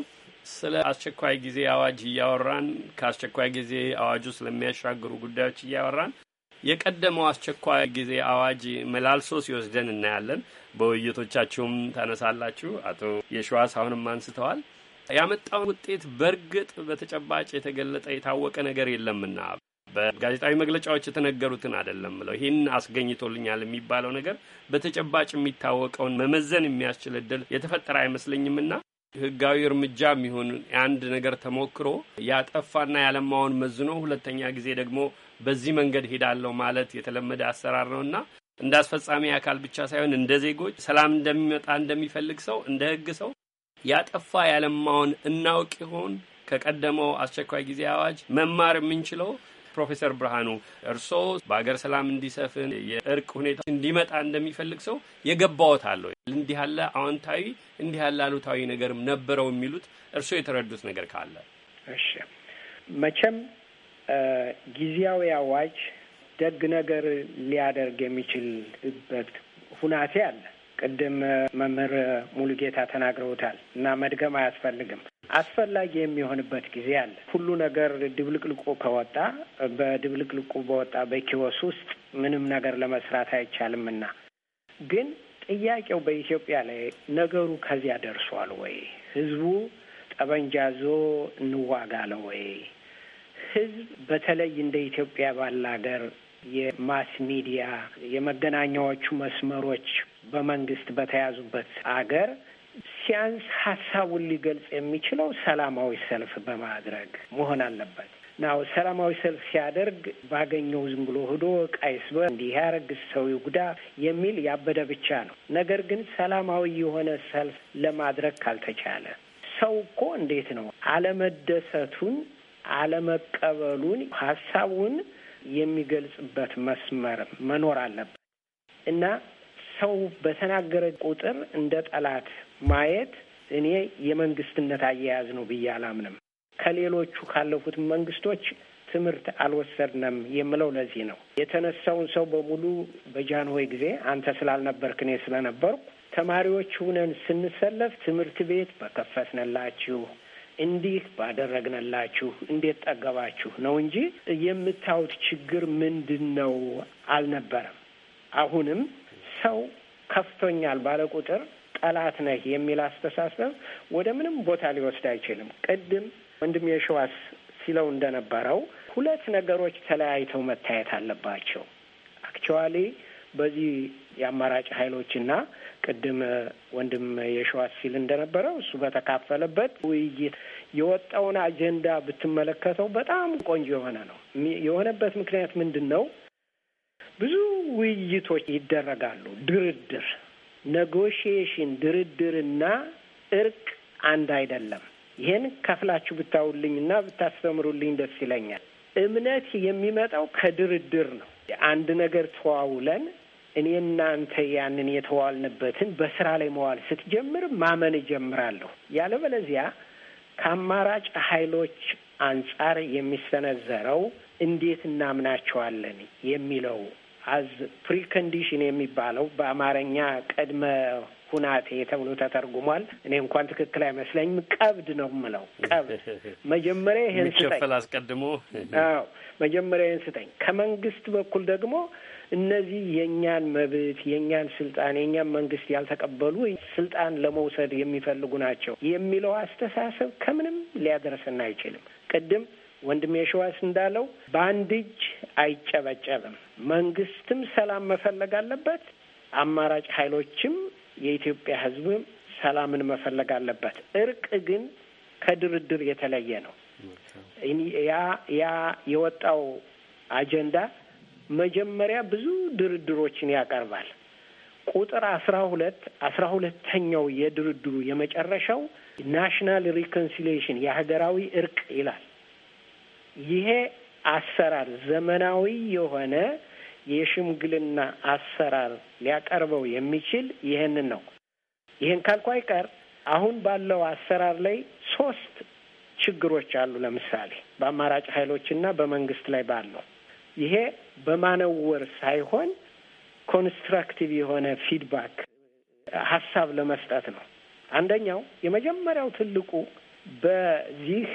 ስለ አስቸኳይ ጊዜ አዋጅ እያወራን ከአስቸኳይ ጊዜ አዋጁ ስለሚያሻግሩ ጉዳዮች እያወራን የቀደመው አስቸኳይ ጊዜ አዋጅ መላልሶ ሲወስደን እናያለን። በውይይቶቻችሁም ታነሳላችሁ። አቶ የሸዋስ አሁንም አንስተዋል። ያመጣውን ውጤት በእርግጥ በተጨባጭ የተገለጠ የታወቀ ነገር የለምና በጋዜጣዊ መግለጫዎች የተነገሩትን አይደለም ብለው ይህን አስገኝቶልኛል የሚባለው ነገር በተጨባጭ የሚታወቀውን መመዘን የሚያስችል እድል የተፈጠረ አይመስለኝምና ህጋዊ እርምጃ የሚሆን አንድ ነገር ተሞክሮ ያጠፋና ያለማውን መዝኖ ሁለተኛ ጊዜ ደግሞ በዚህ መንገድ ሄዳለሁ ማለት የተለመደ አሰራር ነውና እንደ አስፈጻሚ አካል ብቻ ሳይሆን እንደ ዜጎች ሰላም እንደሚመጣ እንደሚፈልግ ሰው እንደ ህግ ሰው ያጠፋ ያለማውን እናውቅ ይሆን? ከቀደመው አስቸኳይ ጊዜ አዋጅ መማር የምንችለው ፕሮፌሰር ብርሃኑ እርስዎ በሀገር ሰላም እንዲሰፍን የእርቅ ሁኔታ እንዲመጣ እንደሚፈልግ ሰው የገባዎት አለው። እንዲህ ያለ አዎንታዊ እንዲህ ያለ አሉታዊ ነገርም ነበረው የሚሉት እርስዎ የተረዱት ነገር ካለ? እሺ፣ መቼም ጊዜያዊ አዋጅ ደግ ነገር ሊያደርግ የሚችልበት ሁናቴ አለ። ቅድም መምህር ሙሉጌታ ተናግረውታል እና መድገም አያስፈልግም። አስፈላጊ የሚሆንበት ጊዜ አለ። ሁሉ ነገር ድብልቅልቁ ከወጣ በድብልቅልቁ በወጣ በኪዮስ ውስጥ ምንም ነገር ለመስራት አይቻልምና ግን ጥያቄው በኢትዮጵያ ላይ ነገሩ ከዚያ ደርሷል ወይ? ህዝቡ ጠበንጃ ዞ ወይ? ህዝብ በተለይ እንደ ኢትዮጵያ ባለ ሀገር የማስ ሚዲያ የመገናኛዎቹ መስመሮች በመንግስት በተያዙበት አገር ሲያንስ ሀሳቡን ሊገልጽ የሚችለው ሰላማዊ ሰልፍ በማድረግ መሆን አለበት። ናው ሰላማዊ ሰልፍ ሲያደርግ ባገኘው ዝም ብሎ ህዶ ቃይስ በ እንዲህ ያረግ ሰው ይጉዳ የሚል ያበደ ብቻ ነው። ነገር ግን ሰላማዊ የሆነ ሰልፍ ለማድረግ ካልተቻለ ሰው እኮ እንዴት ነው አለመደሰቱን አለመቀበሉን ሀሳቡን የሚገልጽበት መስመር መኖር አለበት እና ሰው በተናገረ ቁጥር እንደ ጠላት ማየት እኔ የመንግስትነት አያያዝ ነው ብዬ አላምንም። ከሌሎቹ ካለፉት መንግስቶች ትምህርት አልወሰድንም የምለው ለዚህ ነው። የተነሳውን ሰው በሙሉ በጃንሆይ ጊዜ አንተ ስላልነበርክ እኔ ስለነበርኩ ተማሪዎች ሁነን ስንሰለፍ ትምህርት ቤት በከፈትነላችሁ እንዲህ ባደረግነላችሁ እንዴት ጠገባችሁ ነው እንጂ የምታዩት ችግር ምንድን ነው አልነበረም። አሁንም ሰው ከፍቶኛል ባለ ቁጥር ጠላት ነህ የሚል አስተሳሰብ ወደ ምንም ቦታ ሊወስድ አይችልም። ቅድም ወንድም የሸዋስ ሲለው እንደነበረው ሁለት ነገሮች ተለያይተው መታየት አለባቸው። አክቸዋሊ በዚህ የአማራጭ ኃይሎችና ቅድም ወንድም የሸዋስ ሲል እንደነበረው እሱ በተካፈለበት ውይይት የወጣውን አጀንዳ ብትመለከተው በጣም ቆንጆ የሆነ ነው። የሆነበት ምክንያት ምንድን ነው? ብዙ ውይይቶች ይደረጋሉ። ድርድር ኔጎሽዬሽን፣ ድርድርና እርቅ አንድ አይደለም። ይህን ከፍላችሁ ብታውልኝና ብታስተምሩልኝ ደስ ይለኛል። እምነት የሚመጣው ከድርድር ነው። አንድ ነገር ተዋውለን እኔ እናንተ ያንን የተዋልንበትን በስራ ላይ መዋል ስትጀምር ማመን እጀምራለሁ። ያለበለዚያ ከአማራጭ ኃይሎች አንጻር የሚሰነዘረው እንዴት እናምናቸዋለን የሚለው አዝ ፕሪኮንዲሽን የሚባለው በአማርኛ ቅድመ ሁናቴ ተብሎ ተተርጉሟል። እኔ እንኳን ትክክል አይመስለኝም። ቀብድ ነው የምለው። ቀብድ መጀመሪያ ይህን ስጠኝ፣ አስቀድሞ አዎ፣ መጀመሪያ ይህን ስጠኝ። ከመንግስት በኩል ደግሞ እነዚህ የእኛን መብት የእኛን ስልጣን የእኛን መንግስት ያልተቀበሉ ስልጣን ለመውሰድ የሚፈልጉ ናቸው የሚለው አስተሳሰብ ከምንም ሊያደርስን አይችልም። ቅድም ወንድሜ ሸዋስ እንዳለው በአንድ እጅ አይጨበጨብም። መንግስትም ሰላም መፈለግ አለበት። አማራጭ ኃይሎችም የኢትዮጵያ ህዝብም ሰላምን መፈለግ አለበት። እርቅ ግን ከድርድር የተለየ ነው። ያ ያ የወጣው አጀንዳ መጀመሪያ ብዙ ድርድሮችን ያቀርባል። ቁጥር አስራ ሁለት አስራ ሁለተኛው የድርድሩ የመጨረሻው ናሽናል ሪኮንሲሊሽን የሀገራዊ እርቅ ይላል። ይሄ አሰራር ዘመናዊ የሆነ የሽምግልና አሰራር ሊያቀርበው የሚችል ይህንን ነው። ይህን ካልኩ አይቀር አሁን ባለው አሰራር ላይ ሶስት ችግሮች አሉ። ለምሳሌ በአማራጭ ኃይሎችና በመንግስት ላይ ባለው ይሄ በማነወር ሳይሆን ኮንስትራክቲቭ የሆነ ፊድባክ ሀሳብ ለመስጠት ነው። አንደኛው የመጀመሪያው ትልቁ በዚህ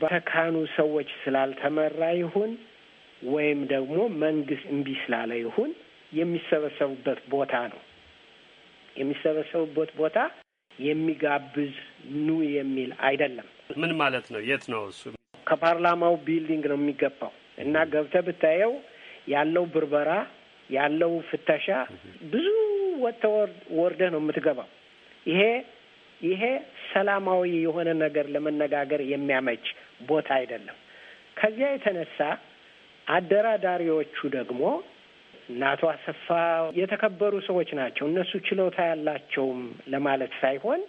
በተካኑ ሰዎች ስላልተመራ ይሁን ወይም ደግሞ መንግስት እምቢ ስላለ ይሁን የሚሰበሰቡበት ቦታ ነው። የሚሰበሰቡበት ቦታ የሚጋብዝ ኑ የሚል አይደለም። ምን ማለት ነው? የት ነው እሱ? ከፓርላማው ቢልዲንግ ነው የሚገባው እና ገብተ ብታየው ያለው ብርበራ ያለው ፍተሻ ብዙ ወጥተ ወርደህ ነው የምትገባው። ይሄ ይሄ ሰላማዊ የሆነ ነገር ለመነጋገር የሚያመች ቦታ አይደለም። ከዚያ የተነሳ አደራዳሪዎቹ ደግሞ እነ አሰፋ የተከበሩ ሰዎች ናቸው። እነሱ ችሎታ ያላቸውም ለማለት ሳይሆን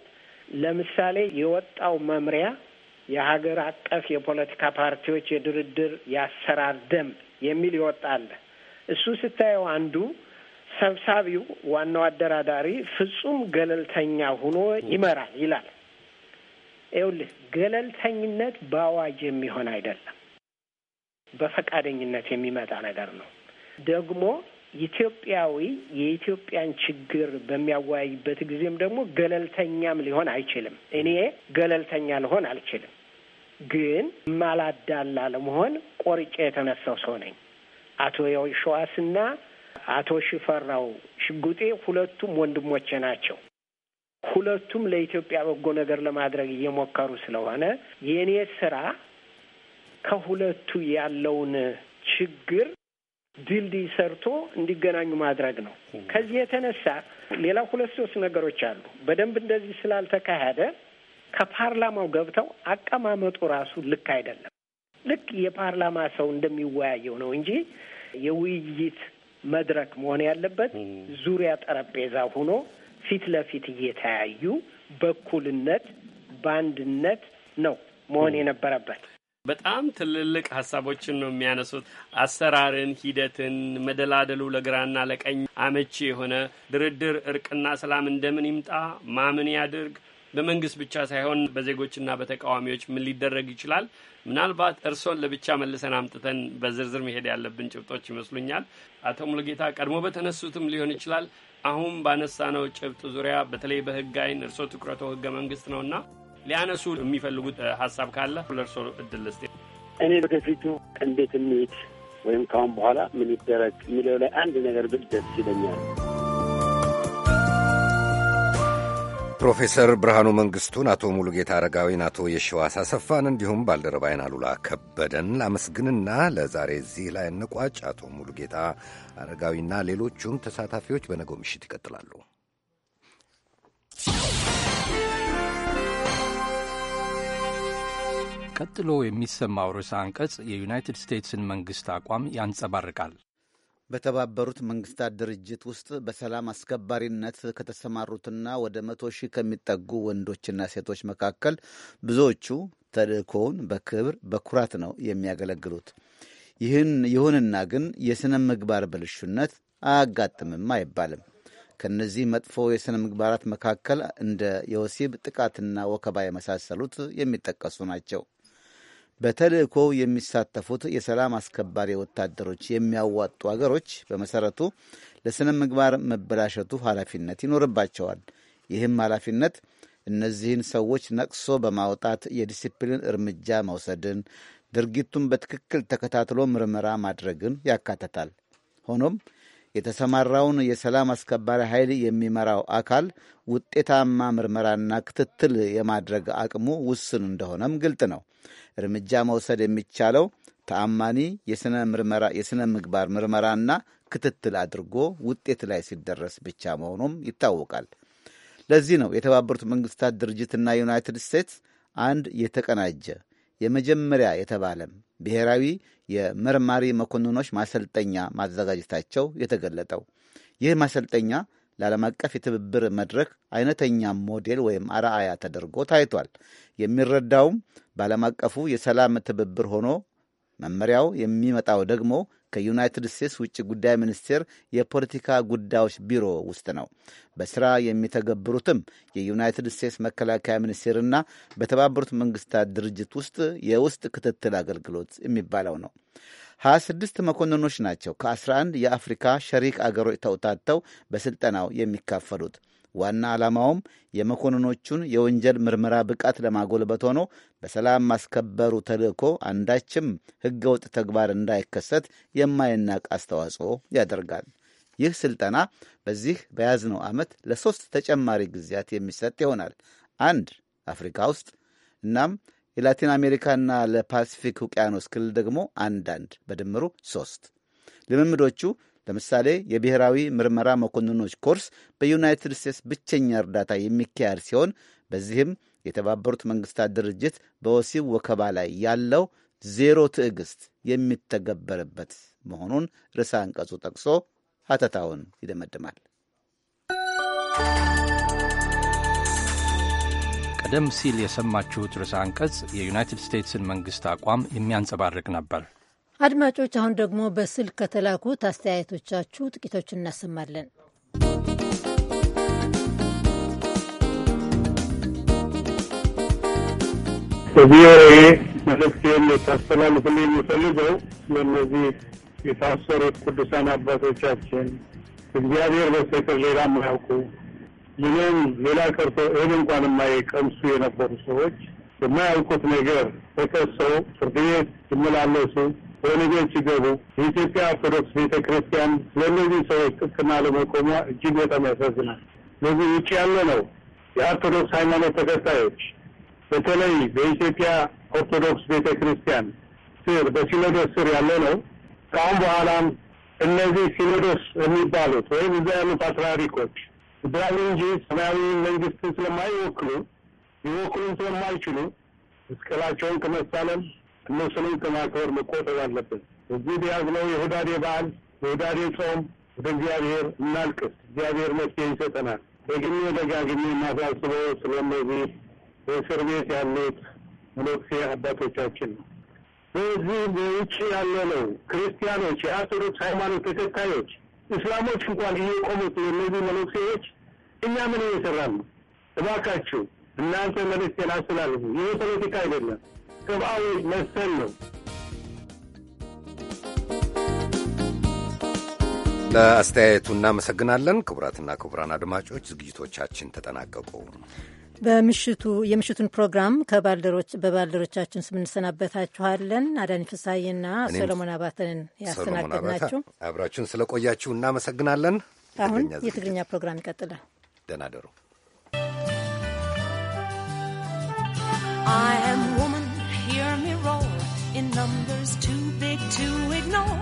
ለምሳሌ የወጣው መምሪያ የሀገር አቀፍ የፖለቲካ ፓርቲዎች የድርድር የአሰራር ደንብ የሚል ይወጣል። እሱ ስታየው አንዱ ሰብሳቢው ዋናው አደራዳሪ ፍጹም ገለልተኛ ሆኖ ይመራል ይላል። ይኸውልህ ገለልተኝነት በአዋጅ የሚሆን አይደለም፣ በፈቃደኝነት የሚመጣ ነገር ነው። ደግሞ ኢትዮጵያዊ የኢትዮጵያን ችግር በሚያወያይበት ጊዜም ደግሞ ገለልተኛም ሊሆን አይችልም። እኔ ገለልተኛ ልሆን አልችልም፣ ግን ማላዳላ ለመሆን ቆርጬ የተነሳው ሰው ነኝ። አቶ የሸዋስና አቶ ሽፈራው ሽጉጤ ሁለቱም ወንድሞቼ ናቸው። ሁለቱም ለኢትዮጵያ በጎ ነገር ለማድረግ እየሞከሩ ስለሆነ የእኔ ስራ ከሁለቱ ያለውን ችግር ድልድይ ሰርቶ እንዲገናኙ ማድረግ ነው። ከዚህ የተነሳ ሌላ ሁለት ሶስት ነገሮች አሉ። በደንብ እንደዚህ ስላልተካሄደ ከፓርላማው ገብተው አቀማመጡ ራሱ ልክ አይደለም። ልክ የፓርላማ ሰው እንደሚወያየው ነው እንጂ የውይይት መድረክ መሆን ያለበት ዙሪያ ጠረጴዛ ሆኖ ፊት ለፊት እየተያዩ በኩልነት በአንድነት ነው መሆን የነበረበት። በጣም ትልልቅ ሀሳቦችን ነው የሚያነሱት። አሰራርን፣ ሂደትን፣ መደላደሉ ለግራና ለቀኝ አመቺ የሆነ ድርድር፣ እርቅና ሰላም እንደምን ይምጣ፣ ማምን ያድርግ በመንግስት ብቻ ሳይሆን በዜጎችና በተቃዋሚዎች ምን ሊደረግ ይችላል? ምናልባት እርሶን ለብቻ መልሰን አምጥተን በዝርዝር መሄድ ያለብን ጭብጦች ይመስሉኛል። አቶ ሙሉጌታ ቀድሞ በተነሱትም ሊሆን ይችላል። አሁን ባነሳነው ጭብጥ ዙሪያ በተለይ በህግ አይን እርሶ ትኩረቶ ህገ መንግስት ነውና ሊያነሱ የሚፈልጉት ሀሳብ ካለ ለእርሶ እድል ልስጥ። እኔ ወደፊቱ እንዴት እንሂድ ወይም ካሁን በኋላ ምን ይደረግ የሚለው ላይ አንድ ነገር ብል ደስ ይለኛል። ፕሮፌሰር ብርሃኑ መንግስቱን፣ አቶ ሙሉጌታ አረጋዊን፣ አቶ የሸዋስ አሰፋን እንዲሁም ባልደረባይን አሉላ ከበደን ላመስግንና ለዛሬ እዚህ ላይ እንቋጭ። አቶ ሙሉጌታ አረጋዊና ሌሎቹም ተሳታፊዎች በነገው ምሽት ይቀጥላሉ። ቀጥሎ የሚሰማው ርዕሰ አንቀጽ የዩናይትድ ስቴትስን መንግሥት አቋም ያንጸባርቃል። በተባበሩት መንግስታት ድርጅት ውስጥ በሰላም አስከባሪነት ከተሰማሩትና ወደ መቶ ሺህ ከሚጠጉ ወንዶችና ሴቶች መካከል ብዙዎቹ ተልእኮውን በክብር በኩራት ነው የሚያገለግሉት። ይህን ይሁንና ግን የሥነ ምግባር ብልሹነት አያጋጥምም አይባልም። ከነዚህ መጥፎ የሥነ ምግባራት መካከል እንደ የወሲብ ጥቃትና ወከባ የመሳሰሉት የሚጠቀሱ ናቸው። በተልእኮው የሚሳተፉት የሰላም አስከባሪ ወታደሮች የሚያዋጡ አገሮች በመሰረቱ ለሥነ ምግባር መበላሸቱ ኃላፊነት ይኖርባቸዋል። ይህም ኃላፊነት እነዚህን ሰዎች ነቅሶ በማውጣት የዲሲፕሊን እርምጃ መውሰድን፣ ድርጊቱን በትክክል ተከታትሎ ምርመራ ማድረግን ያካተታል ሆኖም የተሰማራውን የሰላም አስከባሪ ኃይል የሚመራው አካል ውጤታማ ምርመራና ክትትል የማድረግ አቅሙ ውስን እንደሆነም ግልጥ ነው። እርምጃ መውሰድ የሚቻለው ተአማኒ የሥነ ምግባር ምርመራና ክትትል አድርጎ ውጤት ላይ ሲደረስ ብቻ መሆኑም ይታወቃል። ለዚህ ነው የተባበሩት መንግስታት ድርጅትና ዩናይትድ ስቴትስ አንድ የተቀናጀ የመጀመሪያ የተባለም ብሔራዊ የመርማሪ መኮንኖች ማሰልጠኛ ማዘጋጀታቸው የተገለጠው ይህ ማሰልጠኛ ለዓለም አቀፍ የትብብር መድረክ አይነተኛ ሞዴል ወይም አርአያ ተደርጎ ታይቷል። የሚረዳውም በዓለም አቀፉ የሰላም ትብብር ሆኖ መመሪያው የሚመጣው ደግሞ ከዩናይትድ ስቴትስ ውጭ ጉዳይ ሚኒስቴር የፖለቲካ ጉዳዮች ቢሮ ውስጥ ነው። በስራ የሚተገብሩትም የዩናይትድ ስቴትስ መከላከያ ሚኒስቴርና በተባበሩት መንግስታት ድርጅት ውስጥ የውስጥ ክትትል አገልግሎት የሚባለው ነው። 26 መኮንኖች ናቸው ከ11 የአፍሪካ ሸሪክ አገሮች ተውታተው በስልጠናው የሚካፈሉት። ዋና ዓላማውም የመኮንኖቹን የወንጀል ምርመራ ብቃት ለማጎልበት ሆኖ በሰላም ማስከበሩ ተልእኮ አንዳችም ሕገወጥ ተግባር እንዳይከሰት የማይናቅ አስተዋጽኦ ያደርጋል። ይህ ስልጠና በዚህ በያዝነው ዓመት ለሦስት ተጨማሪ ጊዜያት የሚሰጥ ይሆናል። አንድ አፍሪካ ውስጥ እናም የላቲን አሜሪካና ለፓሲፊክ ውቅያኖስ ክልል ደግሞ አንዳንድ በድምሩ ሦስት ልምምዶቹ ለምሳሌ የብሔራዊ ምርመራ መኮንኖች ኮርስ በዩናይትድ ስቴትስ ብቸኛ እርዳታ የሚካሄድ ሲሆን በዚህም የተባበሩት መንግስታት ድርጅት በወሲብ ወከባ ላይ ያለው ዜሮ ትዕግስት የሚተገበርበት መሆኑን ርዕሰ አንቀጹ ጠቅሶ ሀተታውን ይደመድማል። ቀደም ሲል የሰማችሁት ርዕሰ አንቀጽ የዩናይትድ ስቴትስን መንግሥት አቋም የሚያንጸባርቅ ነበር። አድማጮች፣ አሁን ደግሞ በስልክ ከተላኩት አስተያየቶቻችሁ ጥቂቶችን እናሰማለን። በቪኦኤ መልእክቴን ታስተላልፍልኝ የሚፈልገው ለእነዚህ የታሰሩት ቅዱሳን አባቶቻችን እግዚአብሔር በስተቀር ሌላ የማያውቁ ይህም ሌላ ቀርቶ እህል እንኳን የማይቀምሱ የነበሩ ሰዎች የማያውቁት ነገር ተከሰው ፍርድ ቤት ይመላለሱ ወንጌል ሲገቡ የኢትዮጵያ ኦርቶዶክስ ቤተ ክርስቲያን ለእነዚህ ሰዎች ጥቅና ለመቆሟ እጅግ በጣም ያሳዝናል። ለዚህ ውጭ ያለ ነው የኦርቶዶክስ ሃይማኖት ተከታዮች በተለይ በኢትዮጵያ ኦርቶዶክስ ቤተ ክርስቲያን ስር በሲኖዶስ ስር ያለ ነው። ከአሁን በኋላም እነዚህ ሲኖዶስ የሚባሉት ወይም እዛ ያሉ ፓትርያርኮች ምድራዊ እንጂ ሰማያዊ መንግስትን ስለማይወክሉ ሊወክሉን ስለማይችሉ መስቀላቸውን ከመሳለም እነሱንም ከማክበር መቆጠብ አለብን። እዚህ ያዝነው የሁዳዴ በዓል የሁዳዴ ጾም ወደ እግዚአብሔር እናልቅስ፣ እግዚአብሔር መፍትሄ ይሰጠናል። ደግሜ ደጋግሜ የማሳስበው ስለነዚህ በእስር ቤት ያሉት መነኩሴ አባቶቻችን ነው። በዚህ በውጭ ያለ ነው ክርስቲያኖች፣ የኦርቶዶክስ ሃይማኖት ተከታዮች፣ እስላሞች እንኳን እየቆሙት የእነዚህ መነኩሴዎች እኛ ምን እየሰራን ነው? እባካችሁ እናንተ መልእክት የላስላልሁ። ይህ ፖለቲካ አይደለም። ሰብአዊ መሰል ነው። ለአስተያየቱ እናመሰግናለን። ክቡራትና ክቡራን አድማጮች ዝግጅቶቻችን ተጠናቀቁ። በምሽቱ የምሽቱን ፕሮግራም ከባልደሮች በባልደሮቻችን ስም እንሰናበታችኋለን። አዳኒ ፍሳዬና ሰሎሞን አባተንን ያስተናገድናችሁ አብራችሁን ስለቆያችሁ እናመሰግናለን። አሁን የትግርኛ ፕሮግራም ይቀጥላል። ደህና ደሩ። numbers too big to ignore,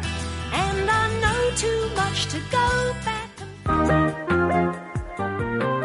and I know too much to go back and forth.